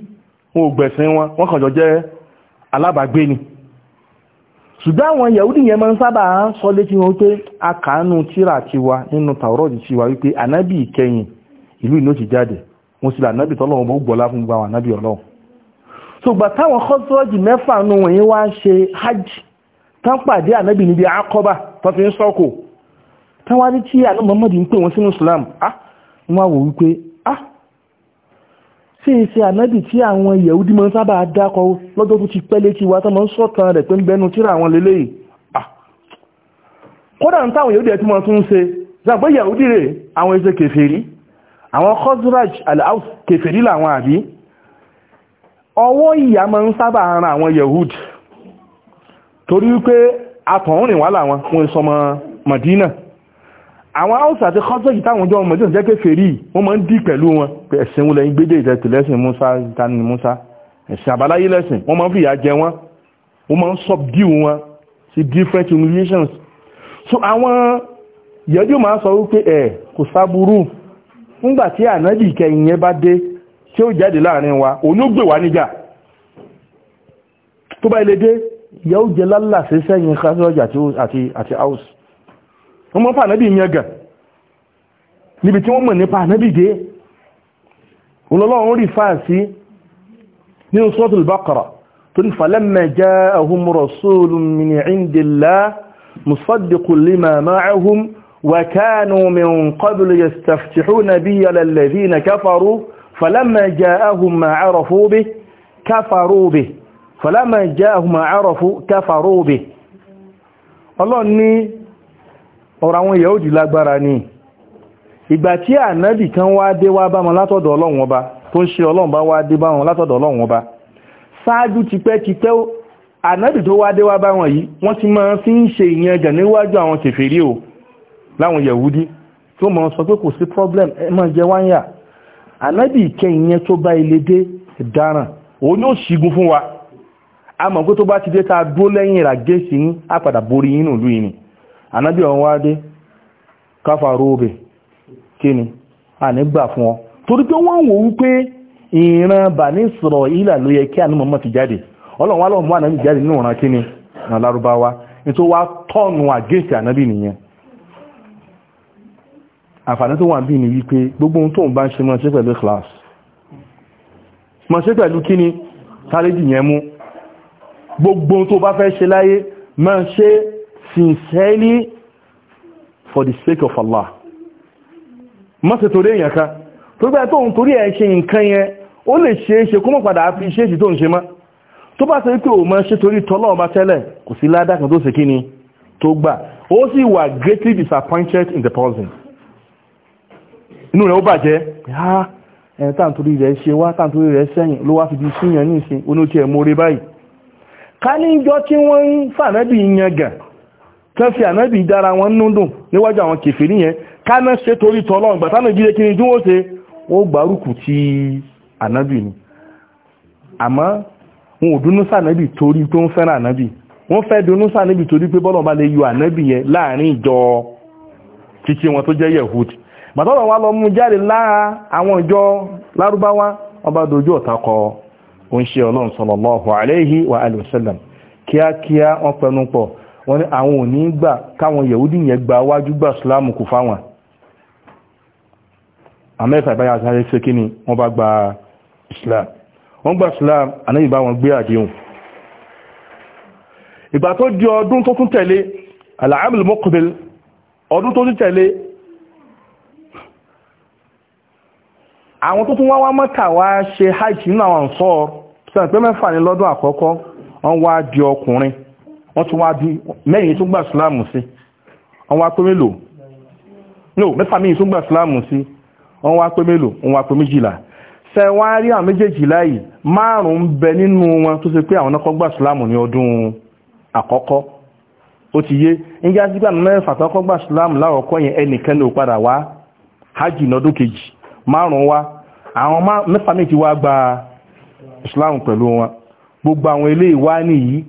wọn ò gbẹ̀sìn wọn wọ́n kàn jọ jẹ́ alábàágbé ni ṣùgbọ́n àwọn yẹ̀wúdí yẹn máa ń sábà sọ létí wọn pé a kàánú tíra tiwa nínú tàwọ́rọ̀dì tiwa wípé ànábì ìkẹyìn ìlú ìlú ti jáde wọn sì là tọ́lọ́wọ́n bó gbọ́lá fún gbogbo àwọn ànábì ọlọ́run ṣùgbọ́n táwọn kọ́sílẹ̀jì mẹ́fà nù wọ̀nyí wá ṣe hajj tán pàdé ànábì níbi àkọ́bà tó fi ń sọ́kò tán wá ní tí àná Muhammad ń pè wọ́n sínú Islam ah wọ́n wò wípé ah sí ìsẹ́ ànábì tí àwọn yẹ̀údí mọ́ sábà dákọ lọ́jọ́ tó ti pẹ́ létí wa tán mọ́ sọ́tàn rẹ̀ pé ń bẹnu tíra àwọn lélẹ́yìí ah kódà ń táwọn yẹ̀údí ẹ̀ tí wọ́n tún ń ṣe zàgbé yẹ̀údí rẹ̀ àwọn ẹsẹ̀ kèfèrí àwọn khosraj al-aus kèfèrí làwọn àbí ọwọ́ ìyá mọ́ sábà ran àwọn yẹ̀údí torí wípé atọ̀rìn wà láwọn wọn sọmọ Madina àwọn haúsá àti kọ́sọ́jì táwọn ọjọ́ Madina jẹ́ pé fèrí wọ́n máa ń dì pẹ̀lú wọn ẹ̀sìn wọlé gbédè ìtẹ̀tì lẹ́sìn Musa tani Musa ẹ̀sìn àbáláyé lẹ́sìn wọ́n máa ń fìyà jẹ wọn wọ́n máa ń subdue wọn sí different humiliations so àwọn yẹ́jú máa sọ wípé ẹ̀ kò sáburú nígbà tí ànábì ìkẹyìn yẹn bá dé tí ó jáde láàrin wa òun ó gbè wá níjà tó bá ilé dé yóò jẹ lálà sí sẹ́yìn khazraj àti aus wọ́n mọ́ fà nábì yẹn níbi tí wọ́n mọ̀ nípa nábì dé olólọ́wọ́n rí fáà sí ní sọ́tùl baqara tó ní falamma ja'ahum rasulun min indillah musaddiqun fọ́lámà jẹ́ ahùmà àrọ̀fú káfàró òbè ọlọ́n ní ọ̀rọ̀ àwọn Yahudi lágbára ní ìgbà tí ànábì kan wá dé wá bá wọn látọ̀dọ̀ ọlọ́run ọba tó ń ṣe ọlọ́run bá wá dé bá wọn látọ̀dọ̀ ọlọ́run ọba ṣáájú tipẹ́tipẹ́ ànábì tó wá dé wá bá wọn yìí wọ́n ti máa fi ń ṣe ìyẹn jẹ̀ níwájú àwọn kèfèrí o láwọn Yahudi tó a mọ̀ pé tó bá ti dé ta dúó lẹ́yìn ìrà gẹ́ẹ̀sì yín á padà borí yín nù lùí ni ànábì ọ̀hún wá dé káfàró obè kí ni a ní gbà fún ọ torí pé wọ́n wò wípé ìran bà ní sọ̀rọ̀ ìlà ló yẹ kí ànímọ̀ mọ̀ ti jáde ọlọ́run alọ́run mọ́ ànábì jáde nínú ọ̀ràn ni na lárúbáwá nítorí wá tọ́nu ni wípé gbogbo ohun tó ń bá ń ṣe mọ́ ṣe pẹ̀lú class gbogbo tó bá fẹ́ ṣe láyé máa ṣe sincerely for the sake of Allah má ṣe torí èyàn kan tó gbá tó ń torí ẹ̀ ṣe nǹkan yẹn ó lè ṣe é ṣe kó mọ̀ padà fi ṣe èṣì tó ń ṣe má tó bá ṣe pé ò máa ṣe torí tọ́lọ́ ọba tẹ́lẹ̀ kò sí ládá kan tó ṣe kí ni tó gbà ó sì wà greatly disappointed in the person inú rẹ̀ ó bàjẹ́ ẹ̀ẹ́tàntorí rẹ̀ ṣe wá tàntorí rẹ̀ sẹ́yìn ló wá fi di síyàn ní ìsìn oníṣẹ́ mórí báyìí ká ní ìjọ tí wọ́n ń fànábì yan gàn fi ànábì dára wọn núdùn níwájú àwọn kèfèrí yẹn ká náà ṣe torí tọ́lọ́run gbà tánà jíre kí ni tí ṣe ti ànábì ni àmọ́ wọn ò dúnú sànábì torí fẹ́ràn ànábì wọ́n fẹ́ dúnú sànábì torí pé bọ́lọ̀ bá lè yọ ànábì yẹn láàrin ìjọ títí wọn tó jẹ́ wa lọ jáde lára àwọn ìjọ lárúbáwá ó ń ṣe ọlọ́run sallallahu alayhi wa alihi wa sallam kíákíá wọ́n pẹnu pọ̀ wọ́n ní àwọn ò ní gbà káwọn yẹ̀wúdì yẹn gba wájú gbà sílámù kù fáwọn amẹ́fà ìbáyà sáré ṣe kí ni wọ́n bá gba islam wọ́n gba islam anáyìn bá wọn gbé àdéhùn ìgbà tó di ọdún tó tún tẹ̀lé al-aamul ọdún tó tún tẹ̀lé àwọn tó tún wá wá Mákà wá ṣe hajj nínú àwọn Ansar sọ pé mẹ́fà ni lọ́dún àkọ́kọ́ wọ́n wá di ọkùnrin wọ́n tún wá di mẹ́yìn tún gbà síláàmù sí wọ́n wá pé mélòó no mẹ́fà mẹ́yìn tún gbà síláàmù sí wọ́n wá pé mélòó wọ́n wá pé méjìlá ṣe wá rí àwọn méjèèjìlá yìí márùn-ún bẹ nínú wọn tó ṣe pé àwọn náà kọ́ gbà síláàmù ní ọdún àkọ́kọ́ ó ti yé nígbà sígbà mẹ́fà tó kọ́ gbà síláàmù láwọ̀kọ́ yẹn ẹnìkan ló padà wá hajj lọ́dún kejì márùn-ún wá àwọn mẹ́fà méjì islam pẹ̀lú wọn gbogbo àwọn ilé ìwá nìyí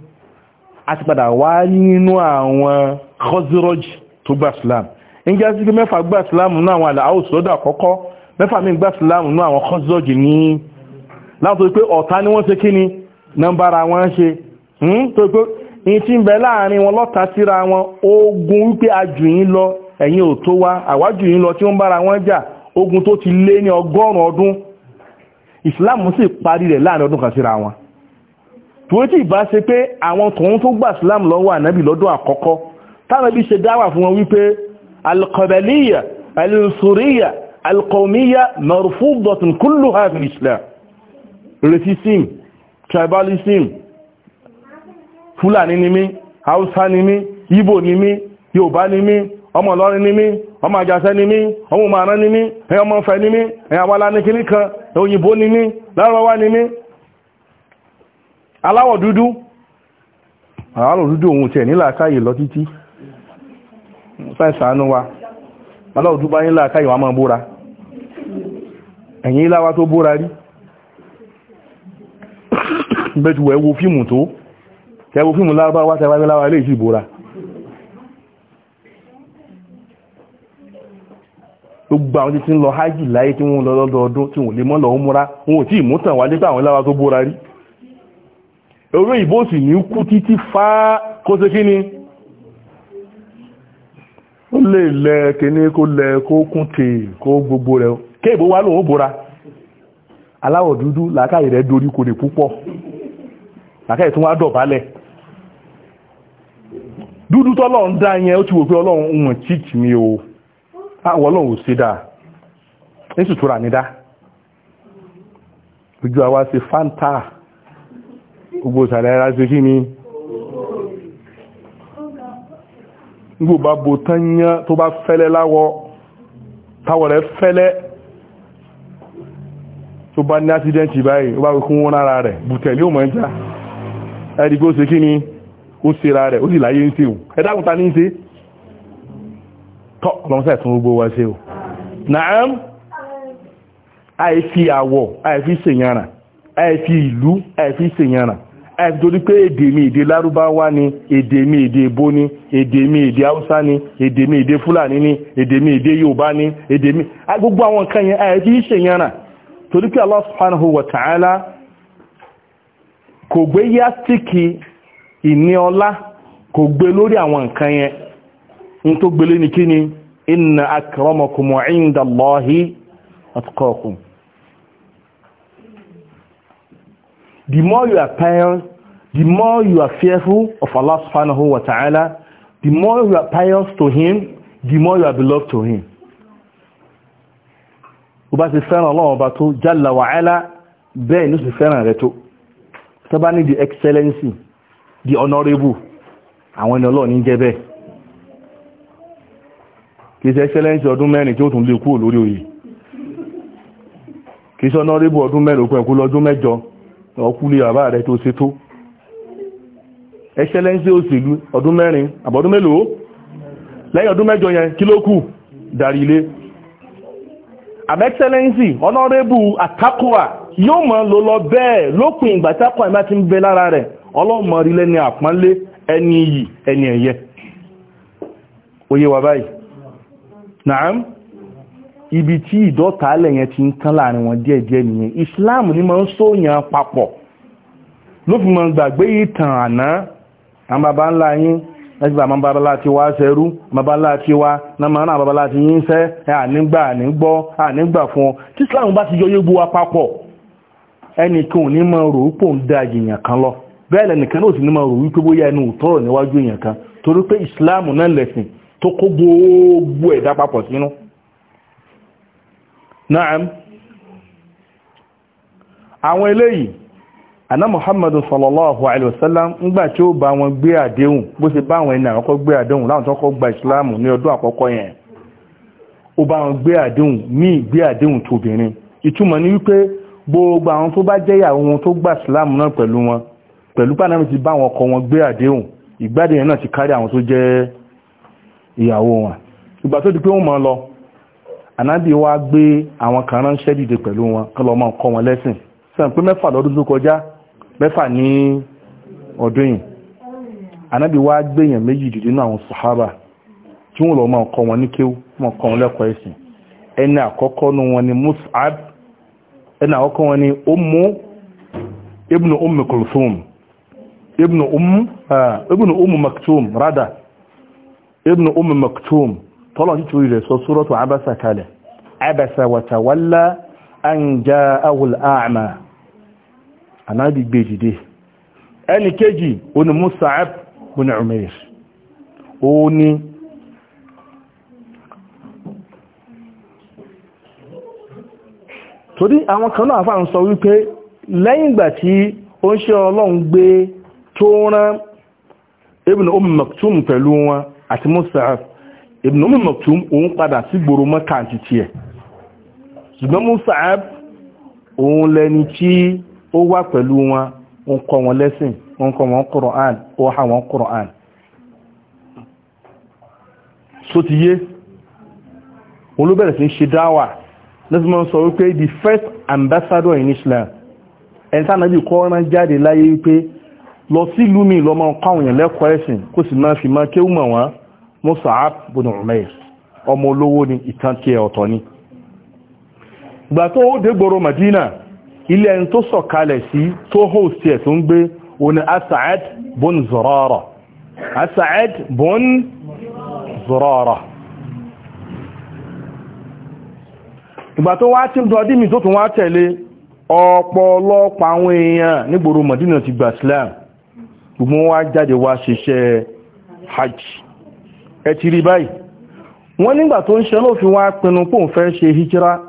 a ti padà wá nínú àwọn khaziraj tó gba islam ìjẹ́ sí mẹ́fà gba islam ní àwọn àlàáwòsì lọ́dọ̀ àkọ́kọ́ mẹ́fà mi gba islam ní àwọn khaziraj ní láti pé ọ̀tá ni wọ́n ṣe kí ni nọ́mbára wọn ṣe hmm? tó pé in ti ń bẹ tó wá ogun tó ti lé ní ọgọ́rùn-ún ọdún ìsìláàmù sì parí rẹ̀ láàrin ọdún kan síra wọn tòun tí ìbá ṣe pé àwọn tòun tó gbà ìsìláàmù lọ́wọ́ ànábì lọ́dún àkọ́kọ́ táwọn ibi ṣe dáwà fún wọn wípé alkọbẹ̀líyà alinsuriya alkọmíyà marfudatun kullu hafi islam racism tribalism fulani ni mí hausa ni mí ibo ni mí yorùbá ni mí ọmọ ọlọ́rin ni mí ọmọ àjàṣẹ́ ni mí ọmọ màrán ni mí ẹyọmọ fẹ́ ni mí ẹyàwó alá òyìnbó ni mí lárọ́wá ni mí aláwọ̀ dúdú aláwọ̀ dúdú òun tẹ̀ nílà káyè lọ títí sáìsànú wa aláwọ̀ dúdú bá nílà káyè wa máa bóra ẹ̀yìn iláwá tó bóra rí bẹ́jù ẹwọ fíìmù tó ẹwọ fíìmù lárọ́wá tẹ́wàá gbogbo àwọn títí ń lọ hajj láyé tí wọ́n lọ lọ́dọọdún tí wọ́n lè mọ́ lọ́wọ́ múra wọn ò tí ì mú tàn wálé pé àwọn lára tó bóra rí eré ìbò sì ní kú títí fá kó ṣe kí ni ó lè lẹ kíní kó lẹ kó kún tè kó gbogbo rẹ kéèbó wá lòun ó bóra aláwọ̀ dúdú làákàyè rẹ̀ dorí kò lè púpọ̀ làákàyè tún wá dọ̀bálẹ̀ dúdú tọ́lọ́ ń dá yẹn ó ti wò pé ọlọ́run ń wọ̀n chíìtì mi o àwọn ah, ọlọ́wọ́ sí dáa ní sùtúrà ní dá ojú àwa ṣe fáńtà gbogbo ìsàlẹ̀ ara ṣe kí ni gbogbo bá bo tán yán tó bá fẹ́lẹ́ láwọ táwọ̀ rẹ̀ fẹ́lẹ́ tó bá ní ásídẹ́ntì báyìí ó bá kún wọn ara rẹ̀ bùtẹ̀lé ò mọ̀ ẹ́ já ẹ̀rí kí ni ó ṣe rẹ̀ ó sì láyé ń ṣe ẹ̀dá tọ́ ọlọ́mọsá ìtún gbogbo wa ṣe o naam àìfi àwọ̀ àìfi ṣèyànrà àìfi ìlú àìfi ṣèyànrà àìfi torí pé èdè mi èdè lárúbáwá ni èdè mi èdè èbó ni èdè mi èdè haúsá ni èdè mi ni èdè mi ni èdè mi gbogbo àwọn nǹkan yẹn torí pé kò gbé ìní ọlá n tó gbélé ní kíni inna akramakum inda Allahi atqakum the more you are pious the more you are fearful of Allah subhanahu wa ta'ala the more you are pious to him the more you are beloved to him o bá ti fẹ́ràn ọlọ́run ọba tó jalla wa ala bẹ́ẹ̀ ní ó sì fẹ́ràn rẹ̀ tó tó bá ní the excellency the honorable àwọn ẹni ọlọ́run ní jẹ́ bẹ́ẹ̀ kìí ṣe ṣẹlẹ́ǹsì ọdún mẹ́rin tí ó tún lè kúrò lórí oyè kìí ṣe ọ̀nàrẹ́bù ọdún mẹ́rin òkú ẹ̀kú lọ́dún mẹ́jọ ọkùnrin bàbá rẹ̀ tó ṣe tó ẹṣẹ́lẹ́ǹsì òṣèlú ọdún mẹ́rin àbọ̀dún mélòó lẹ́yìn ọdún mẹ́jọ yẹn kí ló kù darí ilé àbẹ́ṣẹ́lẹ́ǹsì ọ̀nàrẹ́bù àtàkùwà yóò mọ̀ ló lọ bẹ́ẹ̀ lópin ìgbà tákùwà naam ibi tí ala yẹn ti ń kán láàrin wọn díẹ̀díẹ̀ nìyẹn islam ni máa ń sóyàn papọ̀ ló fi máa gbàgbé ìtàn àná àwọn baba ńlá yín ẹgbẹ́ àwọn baba ńlá ti wá ṣẹrú baba ńlá ti wá náà náà baba yín fún ọ tí islam bá ti yọyé wa papọ̀ ẹnìkan ò ní máa rò wípé òun da èèyàn kan lọ bẹ́ẹ̀ lẹ́nìkan náà ò sì ní máa rò wípé bóyá tó kó gbogbo ẹ̀dá papọ̀ sínú na'am àwọn eléyìí àná muhammadu sallallahu alaihi wasallam ńgbà tí ó bá wọn gbé àdéhùn bó ṣe bá àwọn ẹni àwọn kọ́ gbé àdéhùn láwọn tó kọ́ gba ìsìláàmù ní ọdún àkọ́kọ́ yẹn ó bá wọn gbé àdéhùn ní ìgbé àdéhùn tóbìnrin ìtumọ̀ ni wípé gbogbo àwọn tó bá jẹ́ ìyàwó wọn tó gbà ìsìláàmù náà pẹ̀lú wọn pẹ̀lú pàdánù ti bá wọn kọ wọn gbé àdéhùn ìgbádùn náà ti kárí àwọn tó jẹ́ ìyàwó wọn ìgbà tó di pé wọ́n máa lọ ànábì wá gbé àwọn kan ránṣẹ́ dìde pẹ̀lú wọn kọ́ lọ kọ́ wọn lẹ́sìn sẹ́n pé mẹ́fà lọ́dún tó kọjá mẹ́fà ní ọdún yìí ànábì wá gbé méjì dìde nínú àwọn sàhábà tí wọ́n kọ́ wọn ní kéwú kọ́ wọn lẹ́kọ̀ọ́ ẹ̀sìn ẹni àkọ́kọ́ nu ni Mus'ab ẹni àkọ́kọ́ ni ah, rada ibn umm maktum tọ́lọ̀ títí orí rẹ̀ sọ súrọ́tù abasa kalẹ̀ abasa watawalla an ja'ahu al-a'ma anábi gbèjìdé ẹni kéjì oní musa'ab bin umair ó ní torí àwọn kan náà fà ń sọ wípé lẹ́yìn ìgbà tí ó ń ṣe ọlọ́run gbé tó rán ibn umm maktum pẹ̀lú wọn àti Mus'ab Ibn Umm Maktum òun padà sí gbòòrò Mẹ́kà àti tiẹ̀ ṣùgbọ́n Mus'ab òun lẹni tí ó wà pẹ̀lú wọn ń kọ́ wọn lẹ́sìn ń kọ́ wọn Qur'an ó hà wọn Qur'an sotiye òun ló bẹ̀rẹ̀ sí ṣe dáwà lẹ́sìn sọ wípé the first ambassador in Islam ẹni tánàbí kọ́ ọ́rán jáde láyé wípé lọ sílùú mi lọ́mọ káwọn èèyàn lẹ́kọ̀ọ́ ẹ̀sìn kó sì máa fi máa kéwù mọ̀ Umair ọmọ olówó ni ìtàn tiẹ̀ ọ̀tọ̀ ni gbà tó ó Madina ilé ẹni tó sọ̀kalẹ̀ sí tó host ẹ̀ tó ń gbé òní Zurara As'ad bin Zurara ìgbà tó wá tí dọdí mi tó tún Madina ti gbà gbogbo wọn wá jáde wá ṣiṣẹ́ hajj ẹ ti rí báyìí wọ́n nígbà tó ń ṣe lófin wá pinnu pò ń fẹ́ ṣe hijira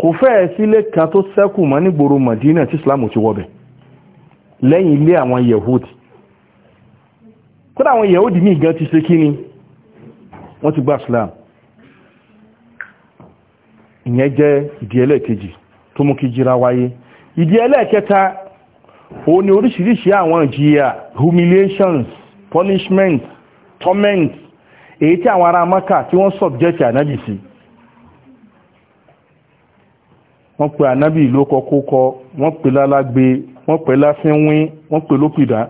kò fẹ́ sílé kan tó ṣẹ́kù mọ́ nígboro Madina tí Islam ti wọbẹ̀ lẹ́yìn ilé àwọn Yehudi kódà àwọn Yehudi míì gan ti ṣe kí ni wọ́n ti gba Islam ìyẹn jẹ́ ìdí ẹlẹ́ẹ̀kejì tó mú kí jíra wáyé ìdí ẹlẹ́ẹ̀kẹta ó ní oríṣiríṣi àwọn ìjìyà humiliations punishment torment èyí tí àwọn ará maka tí wọ́n subject ànábì sí wọ́n pè ànábì ló kọkókọ wọ́n pè lálágbé wọ́n pè lásínwín wọ́n pè lópìdá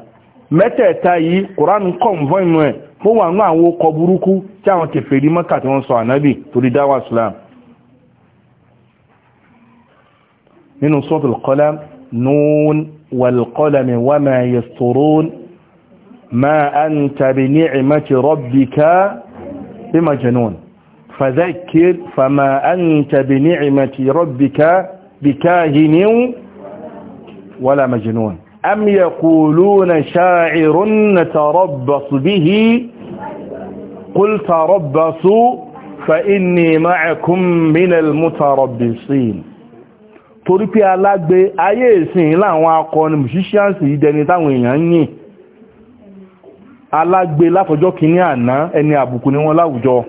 mẹ́tẹ̀ẹ̀ta yìí kòránù kọ̀ǹvọ́ìmù ẹ̀ mo wà ní àwọn okọ̀ burúkú tí àwọn kèfèrí maka tí wọ́n sọ ànábì torí dáwà islam nínú sọ́tò kọ́lá nùún والقلم وما يسطرون ما أنت بنعمة ربك بمجنون فذكر فما أنت بنعمة ربك بكاهن ولا مجنون أم يقولون شاعر نتربص به قل تربصوا فإني معكم من المتربصين torí pé alágbe ayé ìsìn láwọn akọni musicians ìdẹni táwọn èèyàn ń yìn alágbe látọjọ́ kìíní àná ẹni àbùkù ni wọ́n láwùjọ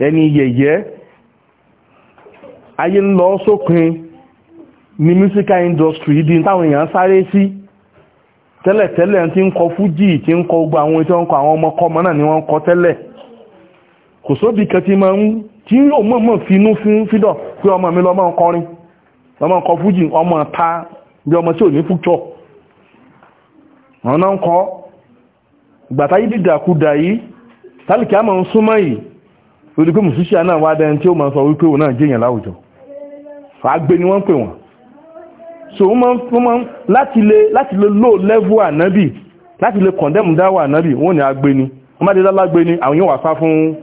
ẹni yẹ̀yẹ́ ayé ń lọ sópin ni musical industry di táwọn èèyàn sáré sí tẹ́lẹ̀tẹ́lẹ̀ tí ń kọ fújì tí ń kọ gbogbo àwọn tí wọ́n àwọn ọmọkọmọ náà ni wọ́n kọ tẹ́lẹ̀ kò sóbi kan ti máa ń tí ó mọ̀mọ̀ finú fídọ̀ pé ọmọ mi lọ́mọ kọrin ọmọ nǹkan fújì ọmọ ta bí ọmọ tí ò ní fúkọ́ ọ̀nà nǹkan gbàtà yìí dìdàkudà yìí tálìkì àmọ́ ń súnmọ́ yìí lórí pé mùsùlùmí náà wá tí ó máa sọ wípé òun náà jẹ́yàn láwùjọ fàágbé ni wọ́n pè wọ́n so wọ́n máa láti lè láti lè low level ànábì láti lè condemn dáwà ànábì wọ́n ní agbé ni wọ́n má dé lálágbé ni àwọn yóò wà sá fún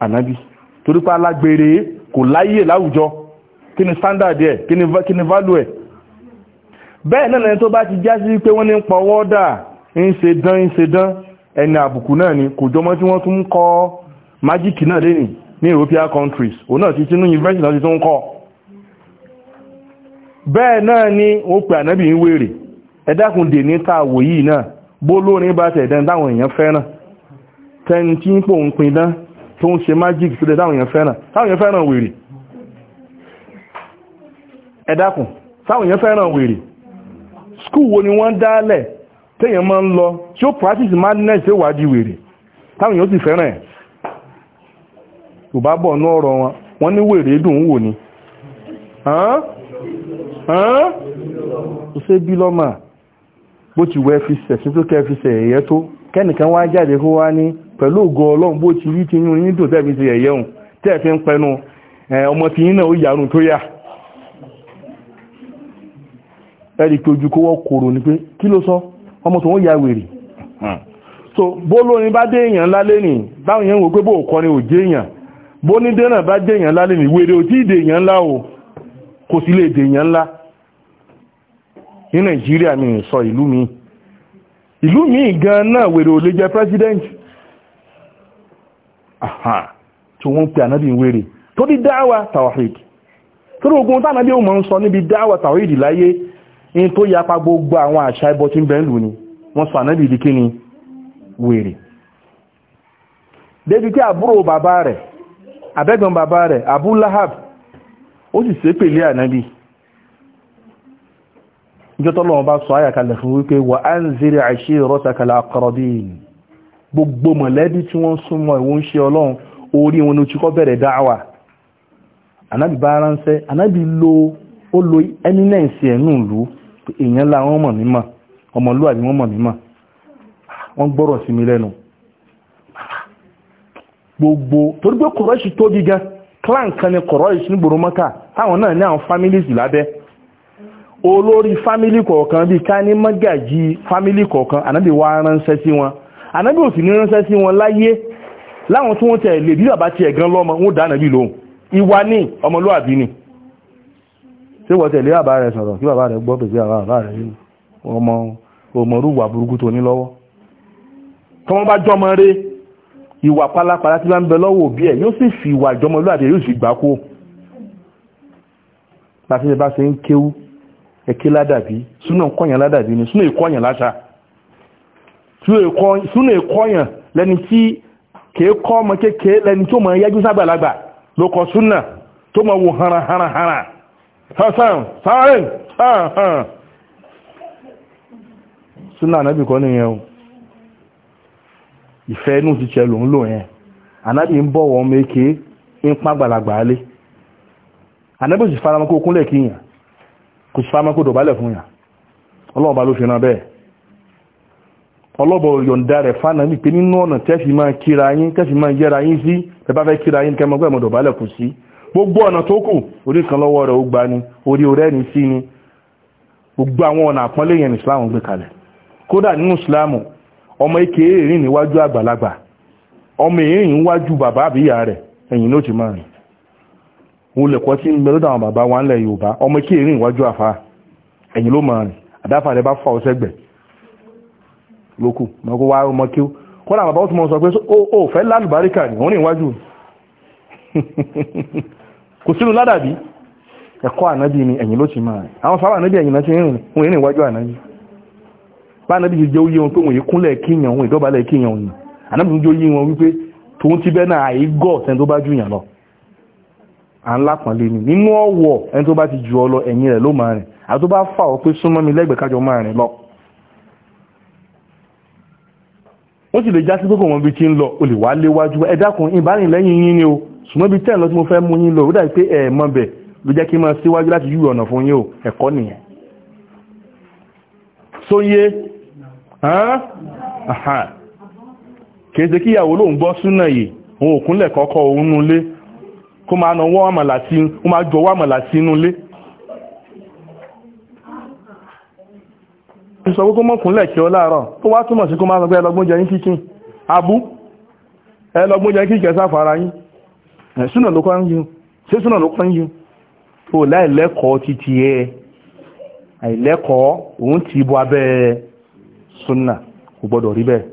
ànábì torí pé kò láyè láwùjọ kí ni standard ẹ̀ kí ni value ẹ̀ bẹ́ẹ̀ náà lẹ́ni tó bá ti já sí pé wọ́n ní pọ̀ wọ́dà ń ṣe dán ń ṣe dán ẹni àbùkù náà ni kò jọmọ́ tí wọ́n tún kọ́ májíkì náà lẹ́nì ní European countries òun náà ti sínú university náà ti tún ń kọ́ bẹ́ẹ̀ náà ni ó pè ànábì ń wèrè ẹ dákun dè ní tààwò yìí náà bó lórin bá tẹ̀ dán táwọn èèyàn fẹ́ràn tẹni tí ń pò ń pin dán tó ń ṣe májíkì tó dẹ̀ táwọn èèyàn fẹ́ràn táwọn èèyàn fẹ́ràn wèrè ẹ dákun sáwọn èèyàn fẹ́ràn wèrè skul wo ni wọ́n dálẹ̀ téèyàn máa ń lọ tí ó practice madness ó wà di wèrè táwọn èèyàn sì fẹ́ràn ẹ̀ kò bá bọ̀ ní ọ̀rọ̀ wọn wọ́n ní wèrè dùn ún wò ni ó ṣe bí lọ́mà bó ti wẹ́ fi sẹ̀ tó kẹ́ fi sẹ̀ ẹ̀yẹ́ tó kẹ́nìkan wá jáde kó wá ní pẹ̀lú ògo ọlọ́run bó ti rí ti yún yín dùn tẹ́ẹ̀fi ti ẹ̀yẹ́ hùn tẹ́ẹ̀ fi ń pẹnu ọmọ tiyín náà ó yàrùn tó yà ẹ̀rì pé ojú kó wọ́n kòrò ní pé kí ló sọ ọmọ tó wọ́n ya wèrè so bó lórin bá dé èèyàn lálé nì báwọn èèyàn wò pé bó kọrin ò jẹ́ èèyàn bó ní dẹ́nà bá dé èèyàn lálé nì wèrè ò tí ì dè èèyàn ńlá o kò sí lè dè èèyàn ńlá ní nàìjíríà mi sọ ìlú mi ìlú mi gan náà wèrè ò lè jẹ president tí wọ́n pe ànábì wèrè tó di dáwà tawhid tó di ogun tánàbí ò mọ̀ dáwà tawhid láyé in tó yapa gbogbo àwọn àṣà ẹbọ tí ń bẹ ń lù ní wọ́n sọ ànábì ìdíkí ni wèrè débi tí àbúrò bàbá rẹ̀ abẹ́gbọ̀n bàbá rẹ̀ Abu Lahab ó sì ṣépèlé ànábì ìjọtọ́lọ́wọ́n bá sọ àyàkalẹ̀ fún wípé wà á ń zèrè àṣírí rọ́takàlà akọrọbìn gbogbo mọ̀lẹ́bí tí wọ́n súnmọ́ ìwọ́n ṣe ọlọ́run orí wọn ló ti kọ́ bẹ̀rẹ̀ dáwà ànábì bá ránṣẹ́ ànábì lo ó lo eminence ẹ̀nù ìlú èèyàn la wọ́n mọ̀ mímọ̀ ọmọlúwàbí wọ́n mọ̀ mímọ̀ wọ́n gbọ́rọ̀ sí mi lẹ́nu gbogbo torí pé kọ̀rọ̀ṣì tó gíga clan kan ni kọ̀rọ̀ṣì ní boromaka táwọn náà ní àwọn families lábẹ́ olórí family kọ̀ọ̀kan bíi ká ní mọ́gàjí family kọ̀ọ̀kan ànábì wá ránṣẹ́ sí wọn ànábì ò sì ní ránṣẹ́ sí wọn láyé láwọn tí wọ́n tẹ̀ lè bí bàbá tiẹ̀ gan lọ́mọ wọn dáná bí lóhùn ìwà ní ọmọlúwàbí ni tí wọ́n tẹ̀lé bàbá rẹ̀ sọ̀rọ̀ kí bàbá rẹ̀ gbọ́ pèsè bàbá rẹ̀ yìí ọmọ òmòrú ìwà burúkú tó ní lọ́wọ́ tó wọ́n bá jọmọ rẹ ìwà pálapàla tí wọ́n ń bẹ lọ́wọ́ òbí ẹ̀ yóò sì fi ìwà ìjọmọ lóàdé yóò sì gbà kó láti ṣe bá ṣe ń kéwú ẹ̀kẹ́ ládàbí súnà kọ́yàn ládàbí ni súnà ìkọ́yàn láṣà súnà ìkọ́yàn lẹ́ni tí kéékọ́ ọmọ kékeré lẹ́ni tó mọ yájú sábàlagbà ló súnà tó mọ wò haranharanharan hassan sáré hàn súnà anábì kọ́ nìyẹn o ìfẹ́ inú ti lò yẹn anábì ń ń gbàlagbà anábì sì fara mọ́kó kúnlẹ̀ kí yàn kò sì fara mọ́kó dọ̀bálẹ̀ fún yàn ló fi ran bẹ́ẹ̀ ọlọ́bọ̀ yọ̀ǹda rẹ̀ fánà nínú ọ̀nà tẹ́fì máa kíra yín tẹ́fì máa yẹra yín sí gbogbo ọ̀nà tó kù orí kan lọ́wọ́ rẹ̀ ó gba ni orí orẹ́ ni sí ni gbogbo àwọn ọ̀nà àpọ́nlé yẹn ní islam gbé kalẹ̀ kódà nínú islamu ọmọ ike èrìn níwájú àgbàlagbà ọmọ èrìn níwájú bàbá àbíyà rẹ̀ ẹ̀yìn ló ti máa lẹ̀kọ́ tí ń bẹ sọ pé ó fẹ́ lálùbáríkà ní kò sínú ládàbí ẹ̀kọ́ ànábì ni ẹ̀yìn ló ti máa rìn àwọn sábà ànábì ẹ̀yìn náà ti rìn wọn ìrìn iwájú ànábì bá ànábì ti jẹ́ oyé wọn pé wọn yìí kúnlẹ̀ kíyàn wọn ìdọ́balẹ̀ kíyàn wọn ànábì tó jẹ́ oyé wọn wípé tòun ti bẹ́ náà àìgọ́ ẹni tó bá jù yàn lọ à ń lápọ̀nlé ni nínú ọ̀wọ̀ ẹni tó bá ti jù ọ lọ ẹ̀yìn rẹ̀ ló máa rìn àti tó bá fà ọ pé súnmọ́ mi lẹ́gbẹ̀ẹ́ kájọ máa rìn lọ ó sì lè já sí pé kò mọ ibi ń lọ o lè wá léwájú ẹ dákun ìbárìn lẹ́yìn yín ni o ṣùgbọ́n ibi tẹ́ẹ̀ lọ tí mo fẹ́ mú yín lọ ó dàbí pé ẹ̀ mọ́ bẹ̀ ló jẹ́ kí n máa síwájú láti yú ọ̀nà fún yín o ẹ̀kọ́ nìyẹn sóyé kìí ṣe kí ìyàwó lóun gbọ́ súnà yìí òun òkúnlẹ̀ kọ́kọ́ òun nulé kó máa nà wọ́n àmàlà sí ó máa jọ wọ́n àmàlà sí inú ilé sọ pé kó mọ́kúnlẹ̀ kí ọ láàárọ̀ ó wá túmọ̀ sí kó máa sọ pé ẹlọgbọ́n jẹ yín kíkín abú ẹlọgbọ́n jẹ kíkẹ́ sáfara yín Eh, súnà ló kọ́ ń yí ṣé súnà ló kọ́ ń yí tó láìlẹ́kọ̀ọ́ títí ẹ àìlẹ́kọ̀ọ́ òun ti bọ́ abẹ́ súnà kò gbọ́dọ̀ rí bẹ́ẹ̀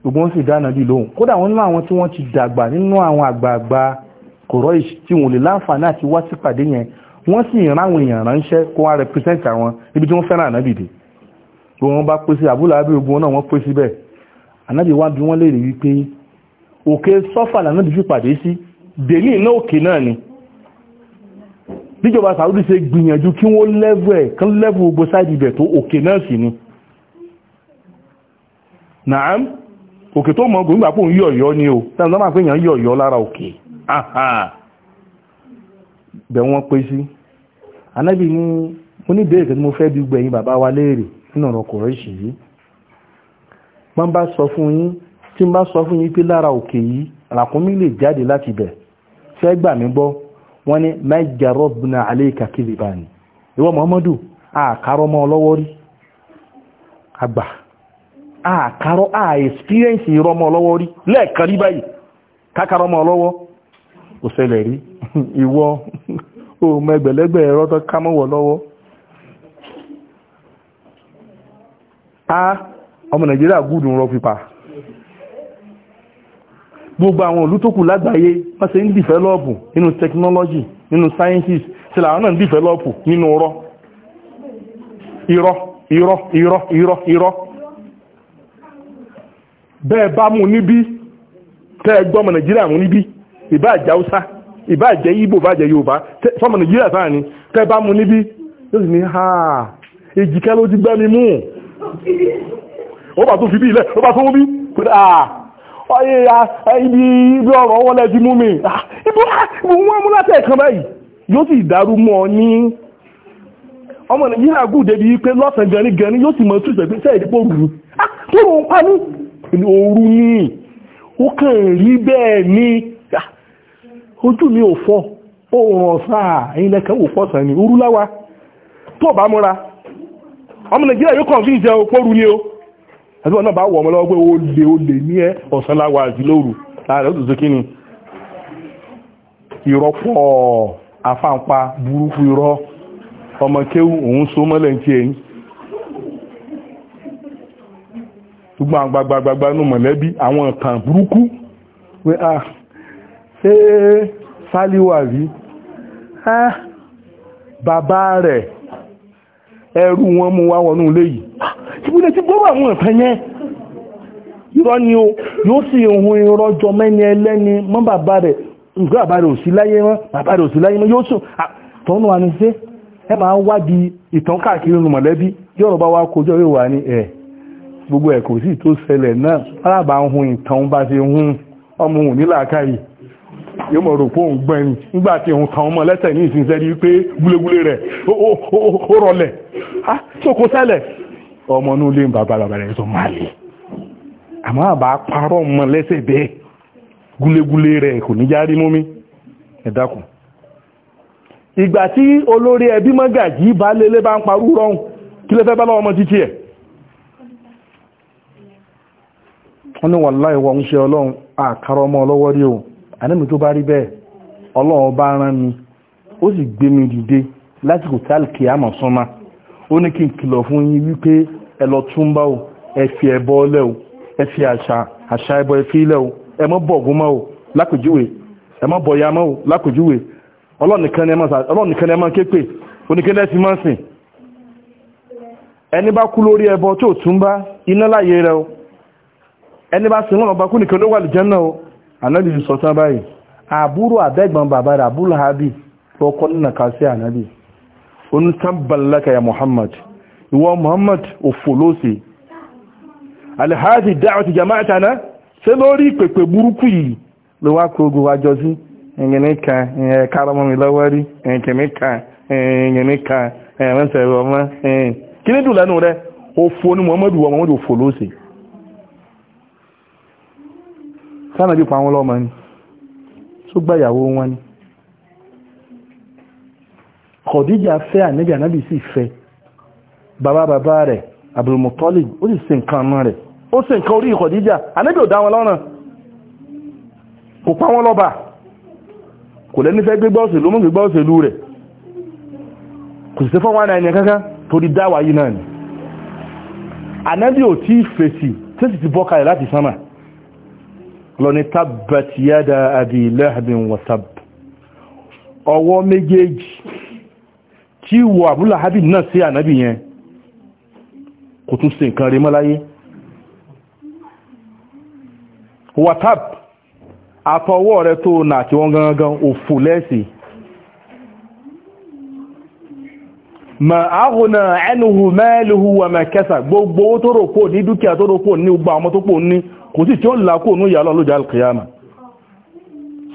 gbogbo wọn sì dáná bí lóhùn kódà wọn nínú àwọn tí wọ́n ti dàgbà nínú àwọn àgbààgbà Quraish tí wọ́n lè láǹfààní àti wá sípàdé yẹn wọ́n sì rán àwọn èèyàn ránṣẹ́ kó wá represent àwọn ibi tí wọ́n fẹ́ràn ànábì dé gbogbo wọn bá pèsè àbúlà abẹ́ ogun náà wọ́n pèsè bẹ́ẹ̀ ànábì wá bí wọ́n lè òkè sọ́fà lànà dìfí pàdé sí dèní iná òkè náà ni bíjọba sàúdì ṣe gbìyànjú kí wọ́n lẹ́vù ẹ̀ kán lẹ́vù gbogbo sáìdì ibẹ̀ tó òkè náà sì ni naam òkè tó mọ̀ gbogbo àpò ń yọ̀yọ́ ni o tẹ́lẹ̀ máa pé èèyàn yọ̀yọ́ lára òkè bẹ̀ wọ́n pé sí anábì ní mo ní ìbéèrè kan tí mo fẹ́ bí gbẹ̀yìn bàbá wa léèrè nínú ọ̀rọ̀ kọ̀rọ̀ ìṣèyí wọ́n bá sọ fún yín tí n bá sọ fún yí pé lára òkè yìí ràkúnmí lè jáde láti bẹ̀ fẹ́ gbà mí gbọ́ wọ́n ní mẹ́jẹ̀rọ̀ bùnà àléékà kiri bá ní Muhammadu àkárọ́ mọ́ ọlọ́wọ́ rí àgbà àkárọ́ àẹ̀spíríẹ̀nsì mọ́ ọlọ́wọ́ rí lẹ́ẹ̀kan rí báyìí mọ́ ọlọ́wọ́ a gbogbo àwọn ìlú tó kù lágbàáyé wọ́n ṣe ń dìfẹ́lọ́pù nínú technology nínú sciences tí làwọn náà ń dìfẹ́lọ́pù nínú ọ̀rọ̀ irọ́ irọ́ irọ́ irọ́ irọ́ bẹ́ẹ̀ bá mú níbí tẹ́ gbọ́mọ nàìjíríà mú níbí ìbá àjẹ́ haúsá ìbá àjẹ́ Ìgbò bá àjẹ́ yorùbá sọmọ nàìjíríà sáà ni tẹ́ bá mú níbí yóò sì ní ha èjìká ló ti gbẹ́mi mú ó bá tó ibi ibi ọ̀rọ̀ wọn lẹ́ti mú mi ah, wọ́n mú láti ẹ̀kan báyìí yóò sì dàrú mọ́ ní ọmọ nàìjíríà gùn débi pé lọ́sàn gani gani yóò sì mọ̀ tú ìṣẹ̀gbẹ́ sẹ́ ìdípò òru tó ah, rò ń pa ní òru ní ó kàn rí bẹ́ẹ̀ ní ah, ojú mi ò fọ́ oòrùn ọ̀sán àyín lẹ́kàn wò pọ̀sán ní orú láwa tó bá múra ọmọ nàìjíríà yóò kàn fi ìjẹun pòru ni o àti wọn náà bá wọ ọmọ lọ́wọ́ pé ó lè ó lè ní ẹ ọ̀sán láwà àti lóru láàrẹ ó tòṣe kíni ìrọ́pọ̀ afáǹpa burúkú irọ́ ọmọ kéwù òun so mọ́lẹ̀ ń tiẹ̀ yín gbogbo àwọn gbagbagbagba nù mọ̀lẹ́bí àwọn ìtàn burúkú pé ah, ẹrú wọn mú wá wọnú ilé yìí ìpínlẹ̀ tí gbọ́rọ̀ àwọn ẹ̀fẹ́ yẹn irọ́ ni o yóò sì hun irọ́ jọ mẹ́ni ẹlẹ́ni mọ́ bàbá rẹ̀ nǹkan bàbá rẹ̀ òsì láyé mọ́ bàbá rẹ̀ òsì láyé mọ́ yóò sùn tọ́nù wa ni ṣe ẹ máa wádìí ìtàn káàkiri nù mọ̀lẹ́bí yọ̀rọ̀ bá wá kojọ́ yóò wà ní ẹ̀ gbogbo ẹ̀ kò sí tó ṣẹlẹ̀ náà alábàá ìtàn bá ṣe hun ọmọ òun nílàákàyè yóò mọ̀ rò pé òun gbọ́n ẹni nígbà tí òun kàn ọmọ lẹ́sẹ̀ ní ìsinsẹ́ ní pé gúlégúlé rẹ̀ ó rọlẹ̀ á sóko sẹ́lẹ̀ ọmọ inú ilé bàbá bàbá rẹ̀ sọ máa lè àmọ́ àbá parọ́ ọmọ lẹ́sẹ̀ bẹ́ẹ̀ gúlégúlé rẹ̀ kò ní járí mú mi ẹ dákun ìgbà tí olórí ẹbí mọ́gàjì bá lélẹ́ bá ń parú rọrùn kí lẹ́fẹ́ bá lọ́wọ́ ọmọ títí ẹ̀ wọ́n ní wàláhì wọ́n ń ṣe ọlọ́run àkàrọ̀ ọmọ ọlọ́wọ́ òun ànábì tó bá rí bẹ́ẹ̀ ọlọ́run bá rán mi ó sì gbé mi dìde lásìkò tí àlùkè àmọ̀ sánmà ó ní kí n kìlọ̀ fún yín wípé ẹ lọ túnbá o ẹ fi ẹbọ lẹ̀ o ẹ fi àṣà àṣà ẹbọ ẹ fi lẹ̀ o ẹ mọ́ bọ̀gún mọ́ o lápèjúwe ẹ mọ́ bọ̀yà mọ́ o lápèjúwe ọlọ́run nìkan ni ẹ máa ké pè oníkẹ́lẹ́ ti máa sìn ẹni bá kú lórí ẹbọ tó túnbá iná láyé rẹ o ẹni bá sin wọn ọba kú nìkan ló wà lìjẹ́ náà o ànábì sọ tán báyìí àbúrò àbẹ́gbọ̀n bàbá rẹ̀ àbúrò hábì fọ́kọ́ nínú kàṣí ànábì onítàbàlákà ya muhammad ìwọ muhammad òfòlóṣe alhaji dáwàtí jama'atana ṣe lórí pèpè burúkú yìí ló wá kó ogun wájọ sí ẹ̀yẹ̀nìkà ẹ̀kàrọmọmí lọ́wọ́rí ẹ̀kẹ̀míkà ẹ̀yẹ̀nìkà ẹ̀rẹ́sẹ̀rọmọ kí ní dùn lẹ́nu rẹ̀ òfò ni muhammad wọ muhammad òfòlóṣe sánàbí pa wọn lọ́mọ ni tó gbà ìyàwó wọn ni Khadija fẹ́ ànẹ́bí ànábì sì fẹ́ bàbá bàbá rẹ̀ Abdul Muttalib ó sì ṣe nǹkan ọ̀nà rẹ̀ ó ṣe nǹkan orí Khadija ànẹ́bí ò dá wọn lọ́nà kò pa wọn lọ́ba kò lẹ́ni fẹ́ gbégbá òṣèlú mú gbégbá òṣèlú rẹ̀ kò sí fún wọn ẹni kankan torí dáwà yìí náà ni ànẹ́bí ò tí fèsì tí sì ti bọ́kalẹ̀ láti sánmà lọ́ni tabbat yada abi lahabin wa tab ọwọ́ méjèèjì tí wọ àbúlà hábì náà sí ànábì yẹn kò tún ṣe nǹkan rí mọ́ láyé wa àtọwọ́ rẹ tó nà àti wọn gangan òfò lẹ́sì ma ahùnà ẹnuhù mẹ́lùhù wà mẹ́kẹsà gbogbo tó rò pò ní dúkìá tó rò pò ní gbogbo àwọn tó kò sí tí ó làkó ònú ìyà lọ́lọ́ lójà alkiyama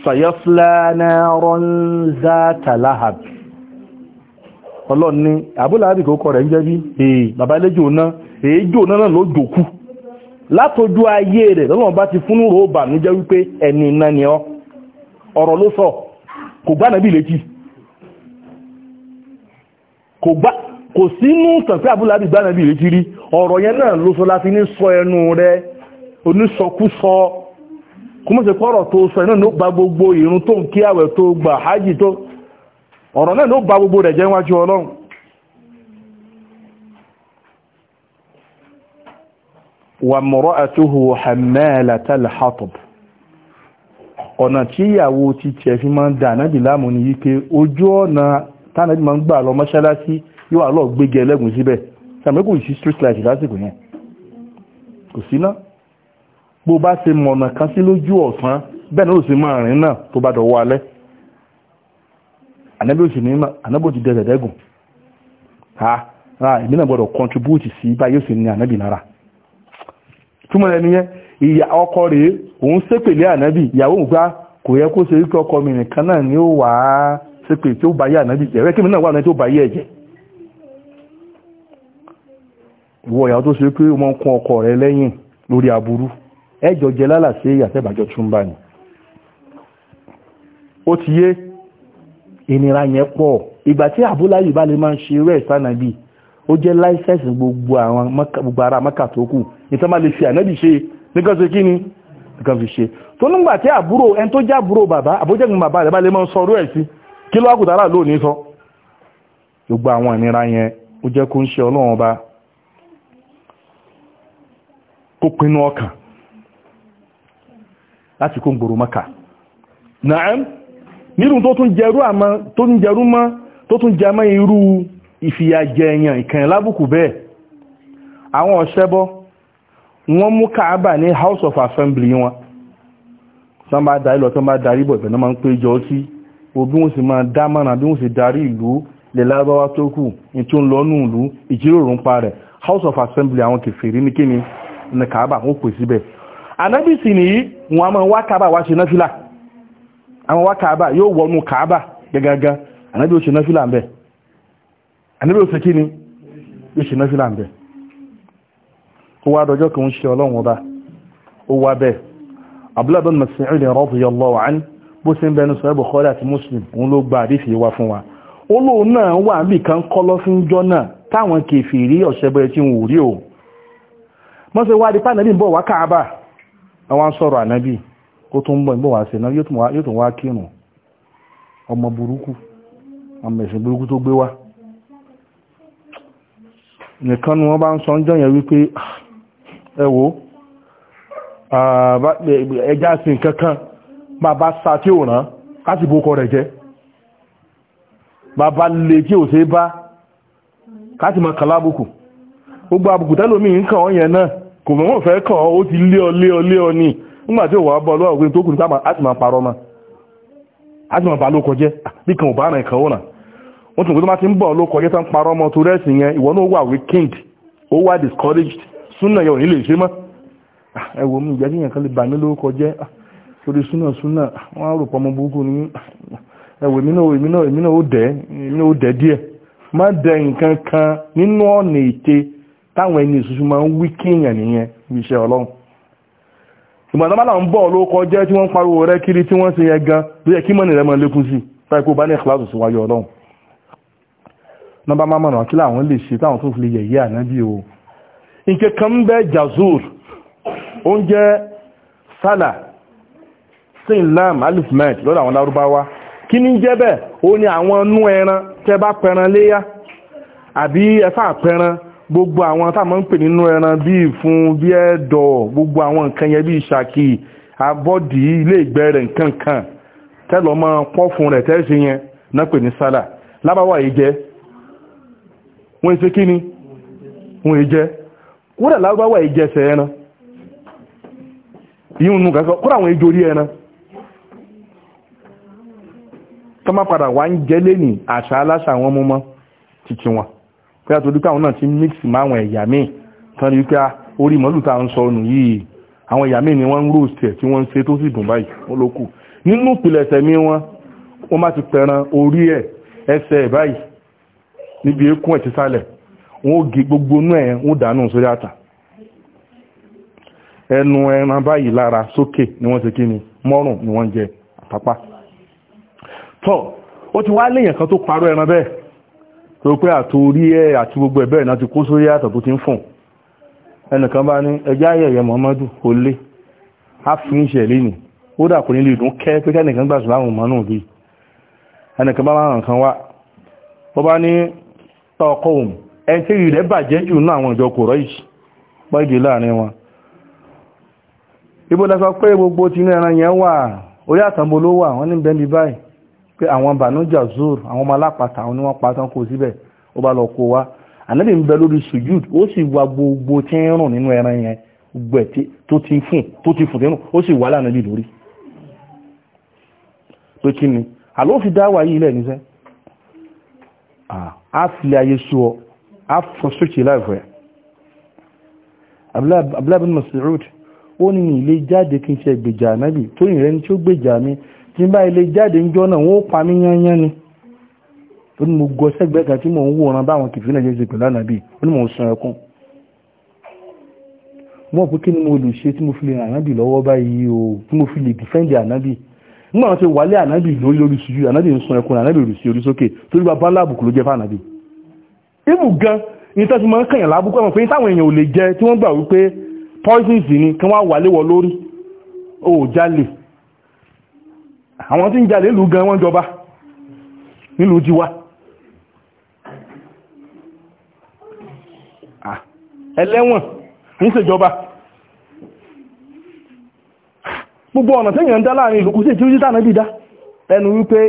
sayasla naran zata lahab ọlọ́ni abúláàbì kò rẹ̀ ń jẹ́ bí èè bàbá ilé jòóná èè jòóná náà ló jòkú ayé rẹ̀ lọ́lọ́run bá ti fún rò bà ní jẹ́ wípé ẹni ọ ọ̀rọ̀ ló sọ kò gbá nàbí kò sínú sọ láti ní onísọkúsọ kúmọ̀sẹ̀ pọ̀rọ̀ tó sọ iná ló gba gbogbo ìrun tó ń kí àwẹ̀ tó gba hajj tó ọ̀rọ̀ náà ló gba gbogbo rẹ̀ jẹ́ ọlọ́run wà mọ̀rọ̀ àtúhù hammalatal hatab ọ̀nà tí ìyàwó ti tiẹ̀ fi máa ń dà náà bó bá ṣe mọ̀nà kan sí lójú ọ̀sán bẹ́ẹ̀ náà sì máa rìn náà tó bá dọ̀wọ́ alẹ́ ànábì ti dẹ̀rẹ̀ dẹ́gùn ha ra èmi náà gbọ́dọ̀ contribute sí bá yóò sì ní ànábì nára túmọ̀ ẹni yẹn ìyá ọkọ rèé òun ṣépèlé ànábì ìyàwó gbá kò yẹ kó ṣe wípé ọkọ mi nìkan náà ni ó wà á ṣépè tí ó bá yé ànábì jẹ́ rẹ́ kí mi náà wà náà tí ó bá yé ẹ̀jẹ̀ ìwọ ìyàwó tó ṣe pé ó máa ń kún ọkọ rẹ lẹ́yìn lórí aburú ẹjọ jẹ lálàsí àtẹ́bàjọ túnbà ni ó ti yé ìnira yẹn pọ̀ ìgbà tí àbúláyì bá lè máa ń ṣe rẹ̀ sánàbí ó jẹ́ láìsẹ̀sì gbogbo àwọn gbogbo ara mọ́kà tó kù nìtàn bá lè fi ànábì ṣe nìkan ṣe kí ni nìkan fi ṣe tó nígbà tí àbúrò ẹni tó jẹ́ àbúrò bàbá àbójẹ́gun bàbá rẹ̀ bá lè máa ń sọ rú ẹ̀ sí kí ló àkùtà aráàlú òní sọ gbogbo àwọn ìnira yẹn ó jẹ́ kó ń ṣe ọlọ́run ọba kó pinnu ọkàn láti kó gbòrò maka náà nírùn tó tún jẹrú tó tún jẹrú mọ́ tó tún jẹ mọ́ irú ìfìyàjẹyàn ìkànnì lábùkù bẹ́ẹ̀ àwọn ọ̀ṣẹ́bọ́ wọ́n mú Káàbà ní House of Assembly wọn tán bá darí lọ tán bá darí bọ̀ ìbẹ̀ máa ń pé jọ sí ń ìlú ìjíròrò ń pa rẹ̀ House of Assembly àwọn ní kíni ní ànábì sì nìyí wọn a máa wá kaaba wá ṣe náfìlà àwọn wá kaaba yóò wọnú kaaba gẹ́gẹ́gẹ́ ànábì ó ṣe náfìlà ń bẹ̀ ànábì ó ṣe kí ni yóò ṣe náfìlà ń bẹ̀ ó wá dọjọ́ kan ń ṣe ọlọ́run ọba ó wá bẹ́ẹ̀ Abdullah bin Mas'ud radiyallahu anhu bó ṣe ń bẹnu sọ Bukhari táwọn kèfì rí ọ̀ṣẹ́bẹ̀rẹ̀ tí wọ́n rí o mọ́sẹ̀ wá di pàdánù bọ̀ wá àwọn sọ̀rọ̀ ànábì kó tó ń bọ̀ ìbọ̀wà sí náà yóò tún wá kírun ọmọ burúkú ọmọ ẹ̀sìn burúkú tó gbé wá nìkan ni wọ́n bá ń sọ ń jọyàn wípé ah, ẹ wò ẹjá sí nǹkan kan máa bá sa tí ò rán láti bókọ rẹ̀ jẹ́ bàbá lè tí ò sí bá káti mọ̀ kàlábùkù gbogbo àbùkù tẹ́lómi nǹkan ọ̀yẹn náà kò mọ̀ wọ́n fẹ́ kàn ó ti lé ọ lé ọ lé ọ ní nígbàtí ò òwò abọ́ ọlọ́wọ́ ògbé tó kù ní sábà láti máa parọ́ ma láti máa bá ló kọjẹ́ ah, bí kan ò bá rìn kan ó nà wọ́n tún tó máa ti ń bọ̀ ló kọjẹ́ tó parọ́ mọ́ torí ẹ̀sìn yẹn ìwọ náà wà ó wà discouraged súnà yẹn ò ní ah, táwọn ẹni ìṣúṣú máa ń wí kíyàn nìyẹn ibi iṣẹ́ ọlọ́run ìgbọ̀n tọ́bá náà ń bọ̀ ló kọjẹ́ tí wọ́n pariwo rẹ kiri tí wọ́n ṣe yẹn gan ló yẹ kí mọ́ni rẹ máa lékún sí fẹ́ kó bá ní ìkìláàsù sí wáyé ọlọ́run nọ́mbà máa mọ̀nà kí làwọn lè ṣe táwọn tó fi lè yẹ̀yẹ́ ànábì o nǹkan kan bẹ́ jazur oúnjẹ sálà sinlam alifmet lọ́dọ̀ àwọn lárúbáwá kí ní jẹ́ bẹ́ẹ̀ ó ní àwọn nú ẹran tẹ́ bá pẹran léyá àbí ẹfà pẹran gbogbo àwọn tá a máa ń pè nínú ẹran bíi ìfun bíi ẹ̀dọ̀ gbogbo àwọn nǹkan yẹn bíi ṣàkì abọ́dì ilé ìgbẹ́ rẹ̀ nǹkan kan tẹ́lọ̀ máa pọ́ fún rẹ̀ tẹ́sí yẹn náà pè ní sálà lábáwá yìí jẹ́ wọ́n ṣe kí ni wọ́n yìí jẹ́ kódà lábáwá yìí jẹsẹ̀ ẹran yíò nù kankan kódà àwọn ejò ẹran tọ́mọ́ padà wá ń jẹ́ lẹ́nìí àṣà aláṣà àwọn ọmọ mọ́ wọn pé àtòdú pé àwọn náà ti mix mọ́ àwọn ẹ̀yà míì tán ní wípé orí mọ́lù tá à ń yìí àwọn ẹ̀yà míì ni wọ́n ń roast ẹ̀ tí wọ́n ń ṣe tó sì dùn báyìí wọ́n ló kù nínú ìpìlẹ̀ṣẹ̀ mi wọn wọ́n má ti pẹran orí ẹ̀ ẹsẹ̀ ẹ̀ báyìí níbi eékún ẹ̀ tísàlẹ̀ wọ́n ó gé gbogbo inú ẹ̀ wọ́n dànù sórí àtà ẹnu ẹran báyìí lára sókè ni wọ́n ṣe kí ni mọ́rùn ni wọ́n jẹ àpapá tọ́ ó ti wá léèyàn kan tó parọ́ ẹran bẹ́ẹ̀ tó pé àtorí ẹ̀ àti gbogbo ẹ̀bẹ̀rẹ̀ náà ti kó sórí àtọ̀ tó ti ń fún ẹnìkan bá ní ẹjá ayẹyẹ Muhammadu kò lé áfíńṣẹ̀ ó dà nílé ìdún kẹ́ pé kẹ́nìkan gbà sí láwọn náà bí ẹnìkan bá máa nǹkan wá ó bá ní tọkọ òun ẹni tí ìrẹ́ bàjẹ́ jù náà àwọn ìjọ yìí pọ́jù láàrin wọn ibo pé gbogbo tinú ẹran yẹn wà orí pé àwọn bànújà zoro àwọn ọmọ alápàtà àwọn oníwọ̀n pàtàn kò síbẹ̀ ó bá lọ kó wa ànábì ń bẹ lórí sujud ó sì wá gbogbo tí ń rùn nínú ẹran yẹn gbẹ tó ti fún tó ti fún tẹnu ó sì wà lánàá bí lórí pé kí ni àló fi dá wà yìí lẹ̀ níṣẹ́ a fi ayé sọ a fọ sókè láìfẹ́ abúlábìn Mas'ud ó ní ilé jáde kí n ṣe gbèjà ànábì tó ìrẹni tí ó gbèjà mi tí bá ilé jáde ń jọ́nà wọ́n pa mí yányán ni ó ní mo gọ sẹ́gbẹ́ kan tí mò ń wòran báwọn kìfì náà jẹ́ pẹ̀lú ànàbí ó ní mò ń sun ẹkún mo pé kí ni mo lè ṣe tí mo fi lè ràn ànàbí lọ́wọ́ báyìí o tí mo fi lè dìfẹ́ǹdì ànàbí nígbà wọn ti wálé ànàbí lórí lórí ṣíjú ànàbí ń sun ẹkún ànàbí rù sí orí sókè torí bá bá láàbùkù ló jẹ́ fún ànàbí. ibù gan ìtọ́ ti máa ń kàyàn lábúkọ́ ẹ̀mọ̀ pé táwọn èèyàn ò lè jẹ tí wọ́n gbà wípé poisons ni kí wọ́n wálé wọ lórí ó jalè àwọn tí ń jà lélùú gan wọ́n jọba nílùú jíwá ẹlẹ́wọ̀n ń ṣèjọba gbogbo ọ̀nà tí èyàn dá láàrin ìlú kú sí ìtìrí tánà dídá ẹnu wípé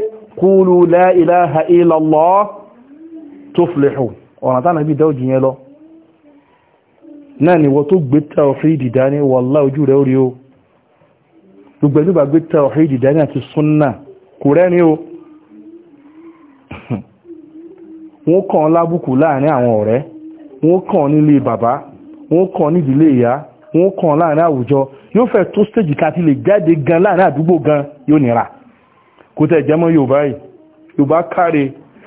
la ilaha illallah tuflihu ọ̀nà tánà dídá ò jìyàn lọ náà ni wọ́n tó gbé tàwọ̀ fídì dání wọ́lá ojú rẹ̀ orí o gbogbo ẹni gbàgbé tawhid ìdáni àti súnnà kò rẹ́ni o wọ́n kàn lábùkù láàrin àwọn ọ̀rẹ́ wọ́n kàn nílé bàbá wọ́n kàn nídìílé ìyá wọ́n kàn láàrin àwùjọ yóò fẹ́ tó stage káàkiri lè jáde gan láàrin àdúgbò gan yóò nira kò tẹ̀ jẹ́ mọ́ yorùbá yìí yorùbá káre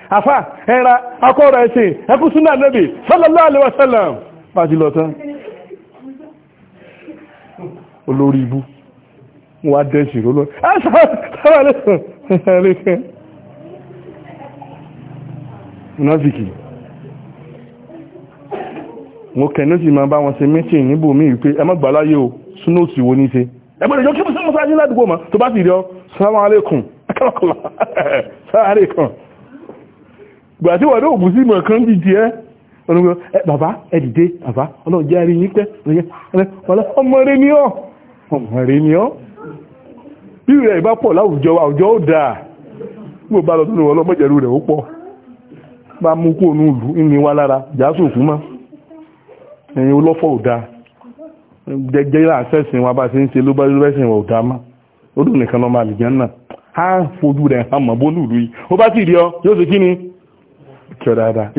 afa ẹra akọ́rọ̀ ẹ̀sìn ẹkú súnà nẹ́bì sallallahu alaihi wasallam bá ti lọ tán olórí ibú wọ́n á dẹ́ ìṣòro lọ ẹ́sàlẹ́sàn munafiki mo kẹ̀ẹ́nú sí ma bá wọn ṣe mẹ́tì níbò mí wípé ẹ má gbàláyé o súnóòtì wo ní ṣe ẹgbẹ̀rẹ̀ yóò kí mú sọ́mọ́sá ní ládùúgbò ma tó bá sì rí ọ salamu alaikum akọ́lọ́kọ́lá sáré kan gbà tí wọ́n òbú sí mọ̀ kan jíjì ẹ́ ọ̀nà bàbá ẹ dìde bàbá ọlọ́run jẹ́ àrí yín pẹ́ ọmọ rẹ̀ ni ọ́ ọmọ rẹ̀ ni ọ́ tí rẹ̀ ìbá pọ̀ láwùjọ àwùjọ ó dáa gbò bá lọ sínú rẹ̀ ó pọ̀ bá mú kó nù ìlú ní wá lára jásù fún mọ́ ẹ̀yin olọ́fọ̀ ò dáa jẹjẹ́ àṣẹ́sìn wa bá ṣe ń ṣe ló bá wa ò dáa mọ́ ó dùn nìkan lọ́mọ àlìjẹ́ náà á fojú rẹ̀ hàn mọ́ ó bá sì rí ọ yóò ṣe kí ni kí ọ dáadáa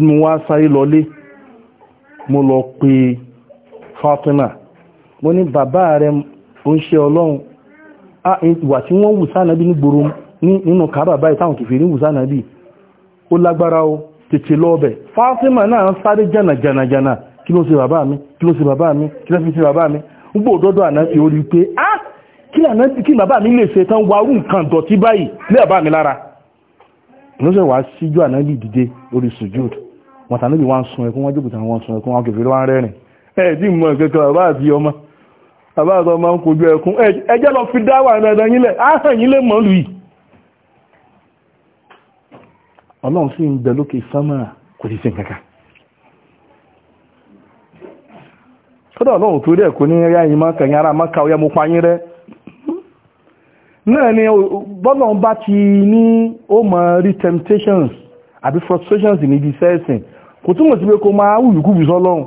tí mo wá sáré lọlé mo lọ pe Fatima mo ní bàbá rẹ o ń ṣe ọlọ́run a ah, ìwà tí wọ́n wù sánàbí ní gbòrò nínú kàbà báyìí táwọn kìfì ní wù sánàbí ó lágbára o tètè lọ́ọ̀bẹ̀ Fatima náà ń sáré jana jànà jànà kí ló ṣe bàbá mi kí ló ṣe bàbá mi kí ló fi ṣe bàbá a ah, kí bàbá mi lè ṣe tán warú nǹkan dọ̀tí báyìí lé bàbá mi lára ló ṣe wàá síjú ànábì dìde lórí sùjúdù wọn tàn níbi wọn sun ẹkún wọn jùbùtà wọn sun ẹkún wọn kèfèrè wọn rẹ́rìn ẹ̀ẹ́dì mọ̀ kẹ́kẹ́ bàbá àti ọmọ bàbá àti ọmọ ń kojú ẹkún ẹjẹ́ lọ fi dáwà dandan yílẹ̀ áhàn yílẹ̀ mọ́ lù yìí ọlọ́run sì ń bẹ lókè sánmà kò sì sin kankan kódà ọlọ́run tó dẹ̀ kò ní ẹ̀yà yìí máa kẹ̀yìn ara máa ka ọyá mo pa yín rẹ́ náà ni bọ́lọ̀ bá ti ní ó mọ̀ rí temptations àbí frustrations níbi sẹ́ẹ̀sìn kò túnmọ̀ sí pé kó máa wùyùkúwì sọ́lọ́run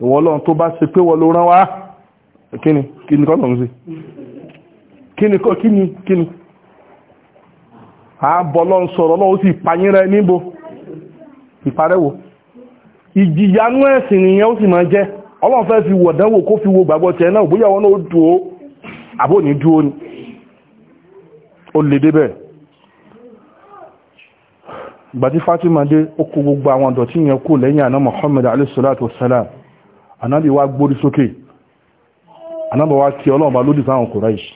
ìwọ ọlọ́run tó bá ṣe pé wọ́n ló rán wá kíni kíni kọ́nà ń ṣe kíni kọ́ kíni kíni àbọ̀lọ́ ń sọ̀rọ̀ lọ́wọ́ sì pàyín rẹ níbo ìparẹ́wò ìjìyànú ẹ̀sìn nìyẹn ó sì máa jẹ́ ọlọ́run fẹ́ fi wọ̀dánwò kó fi wo gbàgbọ́ tẹ̀ náà bóyá wọn náà dùn ó àbónídùn ó ni ó lè débẹ̀ gbàtí Fatima dé ó kó gbogbo àwọn dọ̀tí yẹn kó lẹ́yìn àná Muhammad alayhi salatu wassalam anábì wá gbórí sókè anábì wá kí ọlọ́run bá lódì fáwọn Quraysh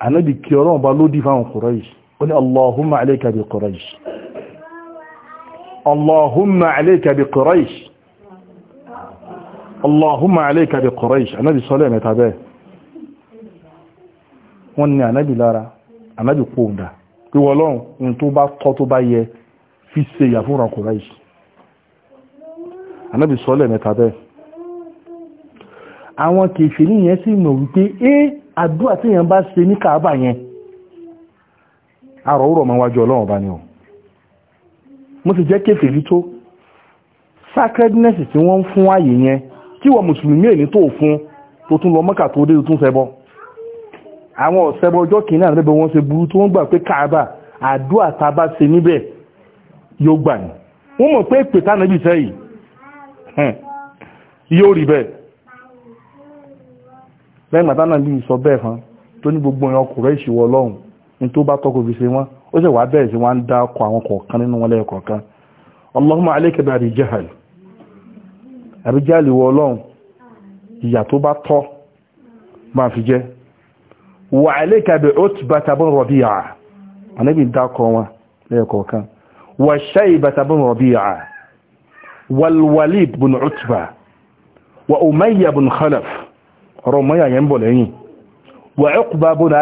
anábì kí ọlọ́run bá lódì fáwọn Quraysh ó ní Allahumma alayka bi Quraysh Allahumma alayka bi Quraysh Allahumma alayka bi Quraysh anábì sọ́lẹ̀ mẹ́ta bẹ́ẹ̀ wọ́n ni anábì lára anábì kóòdá ìwọ ọlọ́run ohun tó bá tọ́ tó bá yẹ fi ṣe ìyà fún ọ̀ràn Quraish anábì sọ́lẹ̀ mẹ́ta bẹ́ẹ̀ àwọn kèfèrí yẹn sì mọ̀ wípé é àdúrà tí yẹn bá ṣe ní Kaaba yẹn àrọ̀ òrọ̀ máa wájú ọlọ́run bá ní o mo sì jẹ́ kèfèrí tó sacredness tí wọ́n ń fún ààyè yẹn tí wọ́n mùsùlùmí èní tó fún tó tún lọ mọ́kà tó dé tó tún ṣẹbọ àwọn ọ̀sẹ̀bọ ọjọ́ kìíní àrẹ́bẹ̀ wọ́n ṣe burú tó wọ́n gbà pé Kaaba àdúrà tá a bá ṣe níbẹ̀ yóò gbà ní wọ́n mọ̀ pé èpè tánà bí sẹ́yìn yóò rí bẹ́ẹ̀ lẹ́yìn màtánà bí sọ bẹ́ẹ̀ fún tó ní gbogbo ẹ̀yàn ọkùnrin ìṣìwọ̀ ọlọ́run ní tó bá tọ́kọ̀ fi ṣe wọ́n ó sì wá bẹ́ẹ̀ sí wọ́n ń dá ọkọ̀ àwọn kọ̀ọ̀kan nínú wọn lẹ́ẹ̀kọ̀ọ̀kan Allahumma alayka bi Abi Jahal Abi Jahal wọ ọlọ́run ìyà tó bá tọ́ máa fi jẹ́ wa alayka bi Utbata bin Rabi'a anábì dákọ̀ wọn lẹ́ẹ̀kọ̀ọ̀kan wà shaybata bin rabi'a wal walid bin utba wà umayya bin khalaf ọ̀rọ̀ umayya yẹn bọ̀ lẹ́yìn wà uqba bin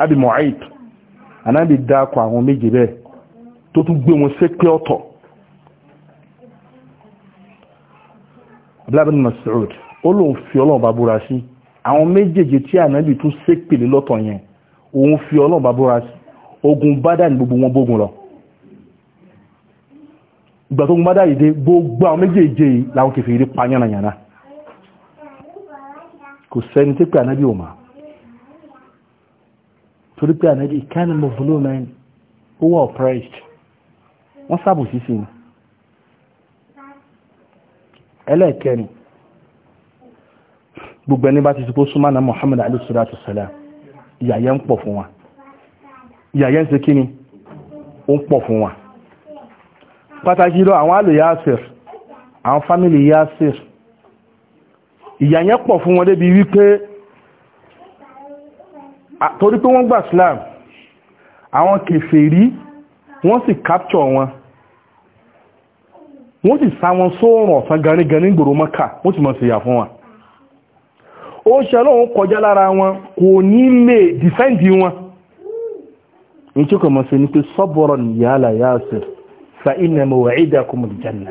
abi mu'ayt anábì dákọ̀ àwọn méje bẹ́ẹ̀ tó tún gbé wọn sí pé ọ̀tọ̀ abdullahi bin mas'ud ó lóun fi ọlọ́run bá búra sí àwọn méjèèjì tí ànábì tún ṣépèlé lọ́tọ̀ yẹn òun fi ọlọ́run bá búra ogun bádà ní gbogbo wọn bógun lọ ìgbà tó gun bádà yìí dé gbogbo àwọn méjèèjì làwọn kèfèrí pa yànnàyànnà kò sẹ́ni tí pé ànábì ò máa torí pé ànábì kánà mọ̀fúnlọ́mẹ́n ó wà oppressed wọ́n sábò sísì ni ẹlẹ́ẹ̀kẹ́ni gbogbo ẹni bá ti sọ pé súnmọ́ na Muhammad alayhi salatu salam ìyàyẹ́ ń pọ̀ fún wa ìyàyẹ́ ń ṣe kíni ó ń pọ̀ fún wa pàtàkì lọ àwọn alò yásir àwọn fámílì yásir ìyàyẹ́ pọ̀ fún wọn débi wípé torí pé wọ́n gbà Islam àwọn kèfèrí wọ́n sì capture wọn wọ́n sì sá wọn sóòrùn ọ̀sán ganigani gbòrò mọ́kà wọ́n sì mọ̀ sí ìyà fún wọn ó ṣẹlọ́wọ́n kọjá lára wọn kò ní lè dìfẹ́ǹdì wọn ní tí kò mọ̀ sí ní pé sọ́bọ̀rọ̀ nìyàlá yásir fa iná mọ̀wàídà kò mọ̀ jẹ́nà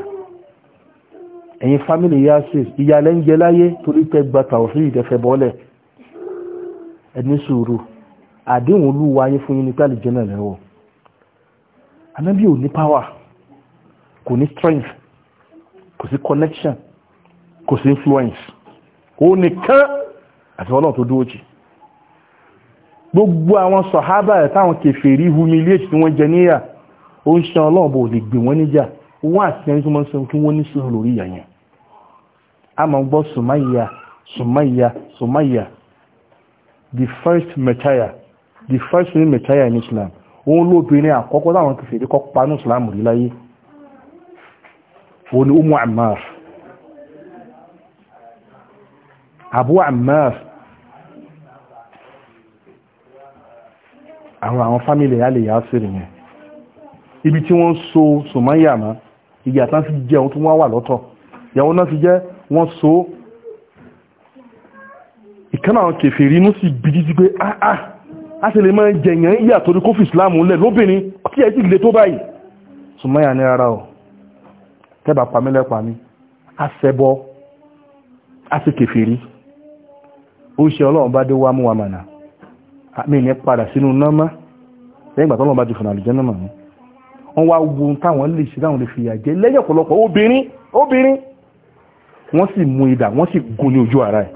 ẹ̀yin fámílì yásir ìyàlẹ́ ń jẹ láyé torí pé gba tàwọ̀fí ìdẹ́fẹ́ bọ́lẹ̀ ẹni sùúrù àdéhùn olúwa ayé fún yín ní pẹ́lú jẹ́nà lẹ́wọ̀ anábì ò ní pàwà kò ní strength kò sí connection kò sí influence ó nìkan àti ọlọ́run tó dúró jì gbogbo àwọn sọ̀hábà rẹ̀ táwọn kèfèrí humiliate tí wọ́n jẹ níyà ó ń ṣe ọlọ́run bò lè gbè wọ́n níjà wọ́n àti ẹni tó máa ń sọ kí wọ́n ní sùúrù lórí yàyàn a máa gbọ́ sùmáyà sùmáyà sùmáyà the first messiah the first real messiah in Islam òun lóbìnrin àkọ́kọ́ táwọn kèfèrí kọ́ pa ní Islam rí láyé òun ni Umu Ammar Abu Ammar àwọn àwọn fámìlì yà lè yà sírì yẹn ibi tí wọ́n so sòmáyà mọ́ ìyà tán fi jẹ́ ohun tó wọ́n wà lọ́tọ̀ ìyàwó náà fi jẹ́ wọ́n so ìkànnà àwọn kèfèrí inú sì bí títí pé áá ah, ah, a sì lè máa jẹ̀yàn ìyà torí kófì ìsìláàmù lẹ̀ lóbìnrin kí ẹ̀ sì lè tó báyìí sòmáyà ní rárá o tẹ́bà pamílẹ̀ pamí a ṣẹbọ a sì kèfèrí ó ń ṣe ọlọ́run bá dé wá mú wa mànà àmì ìyẹn padà sínú nọ́mọ́ lẹ́yìn ìgbà tọ́lọ́mọba ju fún àlùjẹ́ náà mọ̀ wọ́n wá wo táwọn lè ṣe táwọn lè fìyà jẹ lẹ́yìn ọ̀pọ̀lọpọ̀ obìnrin obìnrin wọ́n sì mú idà wọ́n sì gun ní ojú ara ẹ̀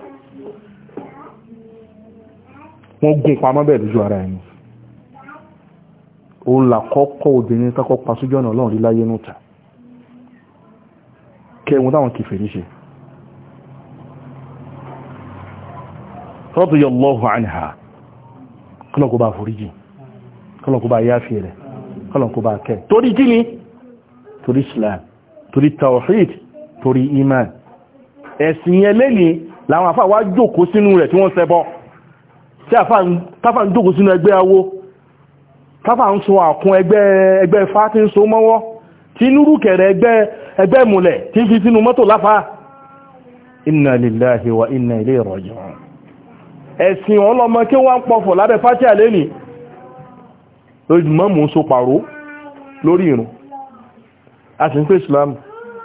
wọ́n gun pamọ́ bẹ́ẹ̀ lójú ara ẹ̀ ni òun là kọ́kọ́ obìnrin tọ́kọ́ pa sójú ọ̀nà ọlọ́run rí láyé núta kẹwọn táwọn kìfèrí ṣe radiyallahu anha kọ́lọ̀kọ́ bá foríjì kọ́lọ̀kọ́ bá yáfí rẹ̀ kọ́lọ̀kọ́ bá kẹ́ torí kí ni torí islam torí tawhid torí iman ẹ̀sìn yẹn lẹ́ni làwọn àfà wá jókòó sínú rẹ̀ tí wọ́n ṣẹbọ tí àfà ń jókòó sínú ẹgbẹ́ awo táfà ń so àkún ẹgbẹ́ fá tí ń so mọ́wọ́ tí núrú kẹrẹ ẹgbẹ́ mùlẹ̀ tí ń fi sínú mọ́tò láfà inna lillahi wa inna ilayhi raji'un ẹ̀sìn wọn lọ́mọ kí wọ́n ń pọ̀fọ̀ lábẹ́ fátí àlẹ́nì lójúmọ́ mú so pàró lórí ìrun a sì ń pè islam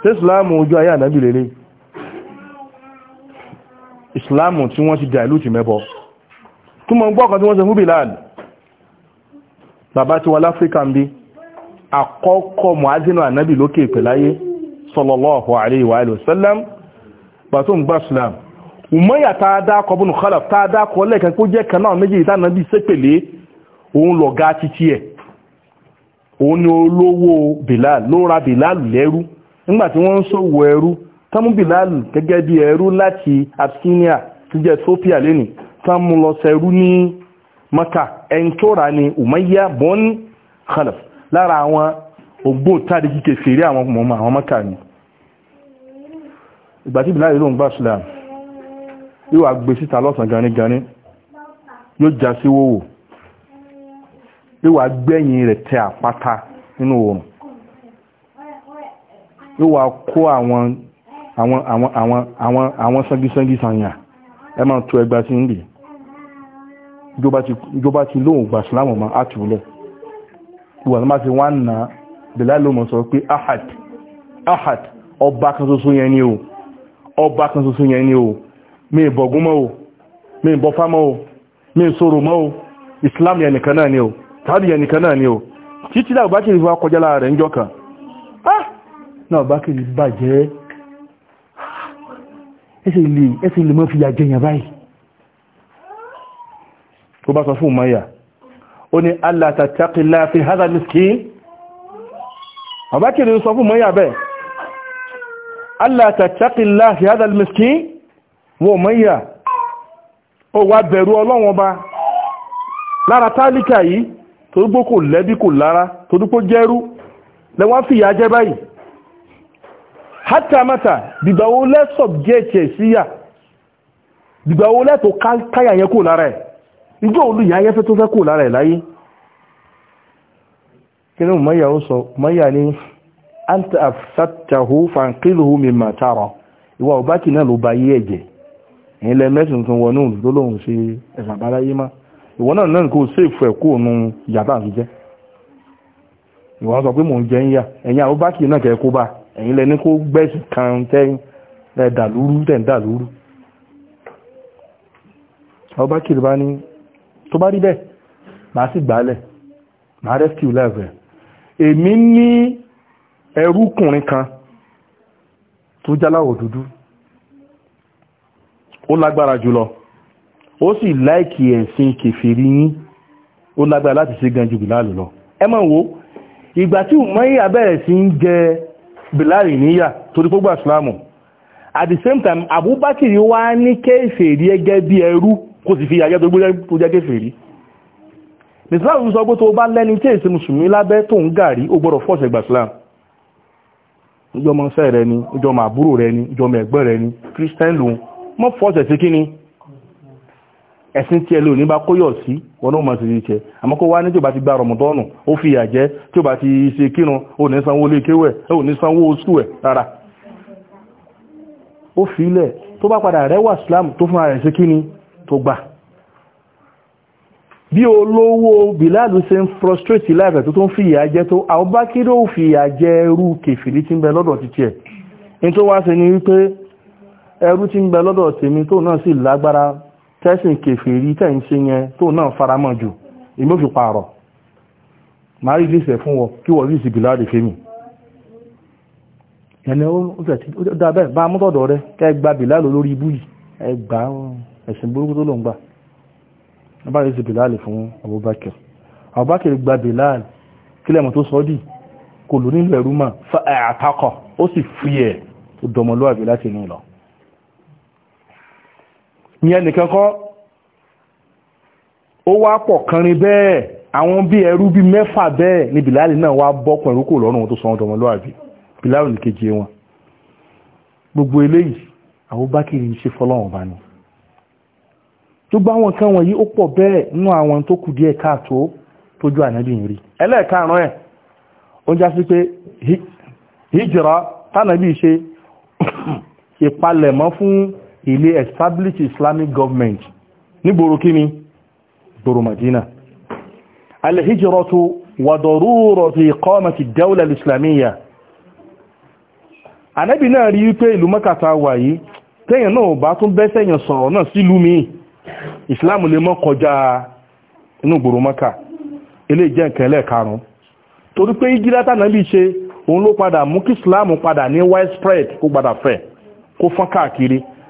tí islam ojú ayé ànábì lélẹ̀ islam tí wọ́n ti dàílù ti mẹ́bọ tí mọ́ gbọ́kan tí wọ́n ṣe fún Bilal bàbá ti wà láfíríkà ń bí àkọ́kọ́ mọ̀ázínú ànábì lókè ìpẹ̀láyé sallallahu alaihi wa sallam bàtún gbà islam Umayya tá a dá kọ́ bùnú Khalaf tá a dá kọ́ lẹ́ẹ̀kan kó jẹ́ kan náà méjèèjì táwọn nábì sépèlé òun lọ̀gá títí ẹ̀ òun ni olówó Bilal ló ra Bilal lẹ́rú nígbà tí wọ́n ń ṣòwò ẹrú tọ́mú Bilal gẹ́gẹ́ bí ẹrú láti Abyssinia tó jẹ́ Ethiopia lẹ́nìí tọ́mú lọ sẹ́rú ní Maka ẹni tó rà ní Umayya bọ́n Khalaf lára àwọn ògbóǹtarìgì kèfèrí àwọn ọmọ àwọn Maka ni ìgbà tí Bilal ló ń gbà Islam yóò wá gbé síta lọ́sàn ganigani yóò já sí wòwò yóò wá gbẹ̀yìn rẹ̀ tẹ àpáta nínú oòrùn yóò wá kó àwọn àwọn àwọn àwọn àwọn àwọn sangisangi sànyà ẹ máa tó ẹgbà sí ń bì ìjọba ti lóhùn gbà sílámù máa àtúlẹ̀ ìwà tó máa ti wá nà bẹ̀lá ló mọ̀ sọ pé ahad ahad ọba kan ṣoṣo yẹn ni o ọba kan ṣoṣo yẹn ni o mi ìbọ̀gún mọ́ o mi ìbọ̀fá mọ́ o mi ìṣòro mọ́ o islam yẹn nìkan náà ni o tàbí yẹn nìkan náà ni o títí dá Abubakar fún akọjá lára rẹ̀ níjọ́ kan ah! náà Abubakar bàjẹ́ ah! ẹsẹ̀ ilé ẹsẹ̀ ilé mọ́ fi yà jẹyàn báyìí tó bá sọ fún umayya ó ní Allah tattaqilla fi hadha miskin Abubakar sọ fún umayya bẹ́ẹ̀ Allah tattaqilla fi hadha miskin wọn ò mọ́yà ó wá bẹ̀rù ọlọ́wọ́n ba lára tálíkà yìí torúgbó kò lẹ́bí kò lára torúgbó jẹ́rú lẹ́wọ́n fìyà jẹ́ báyìí hátámátà dìgbàwó lẹ́sọ̀ jẹ́ ẹ̀kẹ́ síyà dìgbàwó lẹ́tọ̀ káyà yẹn kò lára ẹ̀ ìjọ olùyà ayẹ́fẹ́ tó fẹ́ kò lára ẹ̀ láyé kí ni mọ́yà ó sọ mọ́yà ni anta afsatahu fanqilhu mimma tara ìwà ọ̀bákì ló ba yé ẹ̀jẹ̀ ẹ̀yin lẹ mẹ́sìn tún wọnú òdù tó lóun ṣe ẹ̀sà àbáláyé má ìwọ náà náà kò séèfù ẹ̀ kó nu ìyá tá à ń jẹ́ ìwọ sọ pé mò ń jẹ́ ń yà ẹ̀yin àwọn báàkì náà kẹ́ kó bá ẹ̀yin lẹ ní kó gbẹ̀sì kan tẹ́yìn lẹ dà lúrú tẹ̀ ń dà lúrú àwọn báàkì bá ní tó bá rí bẹ́ẹ̀ màá sì gbálẹ̀ màá rescue life èmi ní ẹrúkùnrin kan tó jáláwọ̀ dúdú ó lágbára jùlọ ó sì láìkì ẹ̀sìn kèfèrí yín ó lágbára láti ṣe gan ju bìláàlù lọ ẹ mọ̀ wo ìgbà tí Umayya abẹ́rẹ̀ sí ń jẹ bìláàlù níyà torí pé ó at the same time Abubakar wá ní kèfèrí gẹ́gẹ́ bí ẹrú kò sì fi àjẹ́ tó gbé tó jẹ́ kèfèrí ìsìláàmù sọ pé tó bá lẹ́ni tí èsì mùsùlùmí lábẹ́ tó ń gàrí ó gbọ́dọ̀ fọ́ọ̀sẹ̀ gbà ìsìláàmù ìjọmọ sẹ́ rẹ ni ìjọmọ àbúrò rẹ ni ìjọmọ ẹ̀gbọ́n rẹ ni kírísítẹ́nì lòun mọ́ fọ́sẹ̀ sí kí ni ẹ̀sìn tí ẹ lò ní bá kóyọ̀ sí wọn náà máa ti di tiẹ̀ àmọ́ kó wá ní tí o bá ti gba rọ̀mọ̀tọ́nù ó fi ìyà jẹ tí o bá ti ṣe Islam tó fúnra kí ni tó gbà bí olówó Bilalu ṣe ń frustrate láìpẹ́ tó tó ń fi ìyà jẹ tó Abubakar ó fi ìyà jẹ irú tí ń bẹ lọ́dọ̀ ti tiẹ̀ ní tó wá ṣe ni wípé ẹrú tí ń bẹ lọ́dọ̀ tèmi tó náà sì lágbára tẹ́sìn kèfèrí tẹ́yìn ṣe yẹn tó náà faramọ́ jù èmi ò fi pààrọ̀ máa rí ìdíṣẹ̀ fún wọ kí wọ́n rí ìsìnkú láàrin fèmí ẹni ó dá bẹ́ẹ̀ bá mọ́tọ̀dọ̀ rẹ kẹ́ gba bìláàlò lórí ibú yìí ẹ gbà ẹ̀sìn burúkú tó lò ń gbà ẹ bá rí ìsìnkú láàrin fún Abubakar Abubakar gba bìláàlì kílẹ̀mọ̀ tó sọ́ ó sì fi ẹ̀ tó láti ní lọ ìyẹn nìkan kọ́ ó wá pọ̀ kanrin bẹ́ẹ̀ àwọn bí ẹrú bí mẹ́fà bẹ́ẹ̀ ni bìláàlì náà wá bọ́ pẹ̀lú kò lọ́rùn wọn tó sọ ọdọ̀ ọmọlúwàbí bìláàlì ní kejì wọn gbogbo eléyìí Abubakiri kiri ṣe fọlọ́wọ̀n bá ní tó gbá wọn kan wọ̀nyí ó pọ̀ bẹ́ẹ̀ nínú àwọn tó kù díẹ̀ káàtó tójú ànábì ń rí ẹ̀ ó já sí hijira tánàbí ṣe fún ilé established islamic government ní gbòrò kí ni gbòrò madina alhijiratu wa darurati iqamati dawla islamiyya anábì náà rí pé ìlú mọ́kàtà wà yìí tẹ́yàn náà bá tún bẹ́sẹ̀yàn sọ̀rọ̀ náà sílùú mi islam lè mọ́ kọjá inú gbòrò mọ́kà ilé jẹ́ nǹkan ẹlẹ́ẹ̀karùn-ún torí pé ìjírátà náà bí ṣe òun ló padà mú kí islam padà ní widespread kó padà fẹ̀ kó fọ́n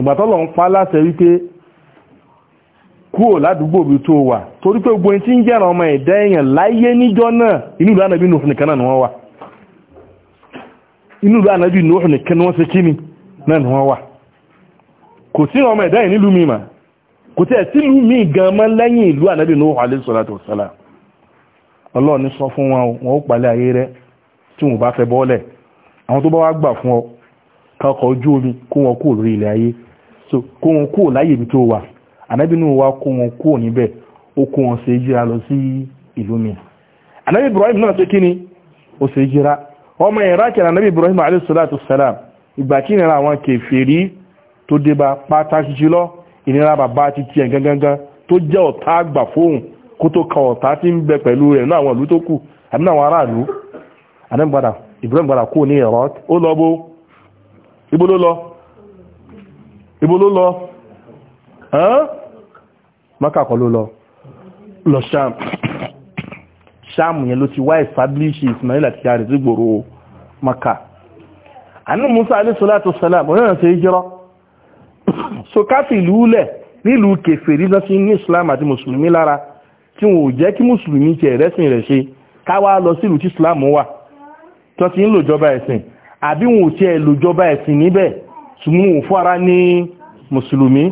ìgbàtọ́lọ̀ ń pa láṣẹ wípé kúrò ládùúgbò bí tó wà torí pé gbogbo tí ń jẹ́ràn ọmọ ẹ̀dá èèyàn láyé níjọ́ náà inú ìlú ànàbí ní nìkan náà wọ́n wà inú ìlú ànàbí wọ́n kíni kò sí ọmọ ẹ̀dá yìí nílùú kò tí ẹ̀ gan mọ́ lẹ́yìn ìlú ànàbí sọ fún wọn ó palẹ̀ ayé rẹ tí wọn bá fẹ́ bọ́ọ̀lẹ̀ àwọn tó fún ọ omi kó wọn kúrò lórí ilẹ̀ ayé so kó wọn kúrò láyè ibi tó wà ànábì Nuhu wá kó wọn kúrò níbẹ̀ ó kó wọn ṣe jíra lọ sí ìlú mi ànábì Ibrahim náà ṣe kíni ó ṣe jíra ọmọ Iraq ànábì Ibrahim alayhi salam ìgbà kí nira àwọn kèfèrí tó débá pàtàkì jùlọ ìnira bàbá ti tiẹ̀ gangan tó jẹ́ ọ̀tá àgbà fóun kó tó ka ọ̀tá tí ń bẹ pẹ̀lú rẹ̀ náà àwọn ìlú tó kù àbí àwọn aráàlú ànábì Ibrahim gbàdà kúrò ní Iraq ó lọ bó ibo ló lọ ibo ló lọ mọ́kàkọ́ ló lọ lọ sham sham yẹn ló ti wá establish ismail àti yàrí sí gbòrò maka anú musa alẹ́sọ́látọ̀ salam wọ́n náà ṣe jẹ́rọ so káfí ìlú lẹ̀ nílùú kèfèrí lọ sí ní islam àti mùsùlùmí lára tí wọ́n ò jẹ́ kí mùsùlùmí ti ẹ̀rẹ́sìn rẹ̀ ṣe káwá lọ sílùú tí islam wà ń lòjọba ẹ̀sìn àbí wọn ò tiẹ̀ lòjọba ẹ̀sìn níbẹ̀ túnmù fúnra ní mùsùlùmí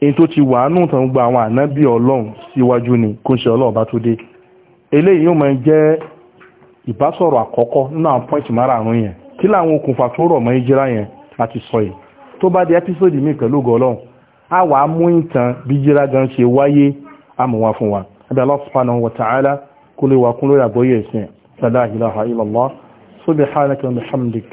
èyí tó ti wà nù tàn gba àwọn ànábì ọlọ́run síwájú ni kó ń ṣe ọlọ́run bá tó dé eléyìí yóò máa jẹ́ ìbásọ̀rọ̀ àkọ́kọ́ nínú àwọn pọ́ìntì márààrún yẹn kí láwọn okùnfà tó rọ̀ mọ́ ìjírá yẹn àti sọ yìí tó bá di ẹ́písòdì míì pẹ̀lú gọlọ́run a wà á mú ìtàn bí jíra gan ṣe wáyé àmúwá fún wa abẹ́ Allah subhanahu wa ta'ala wà kún lórí ẹ̀sìn la ilaha illallah subhanaka wa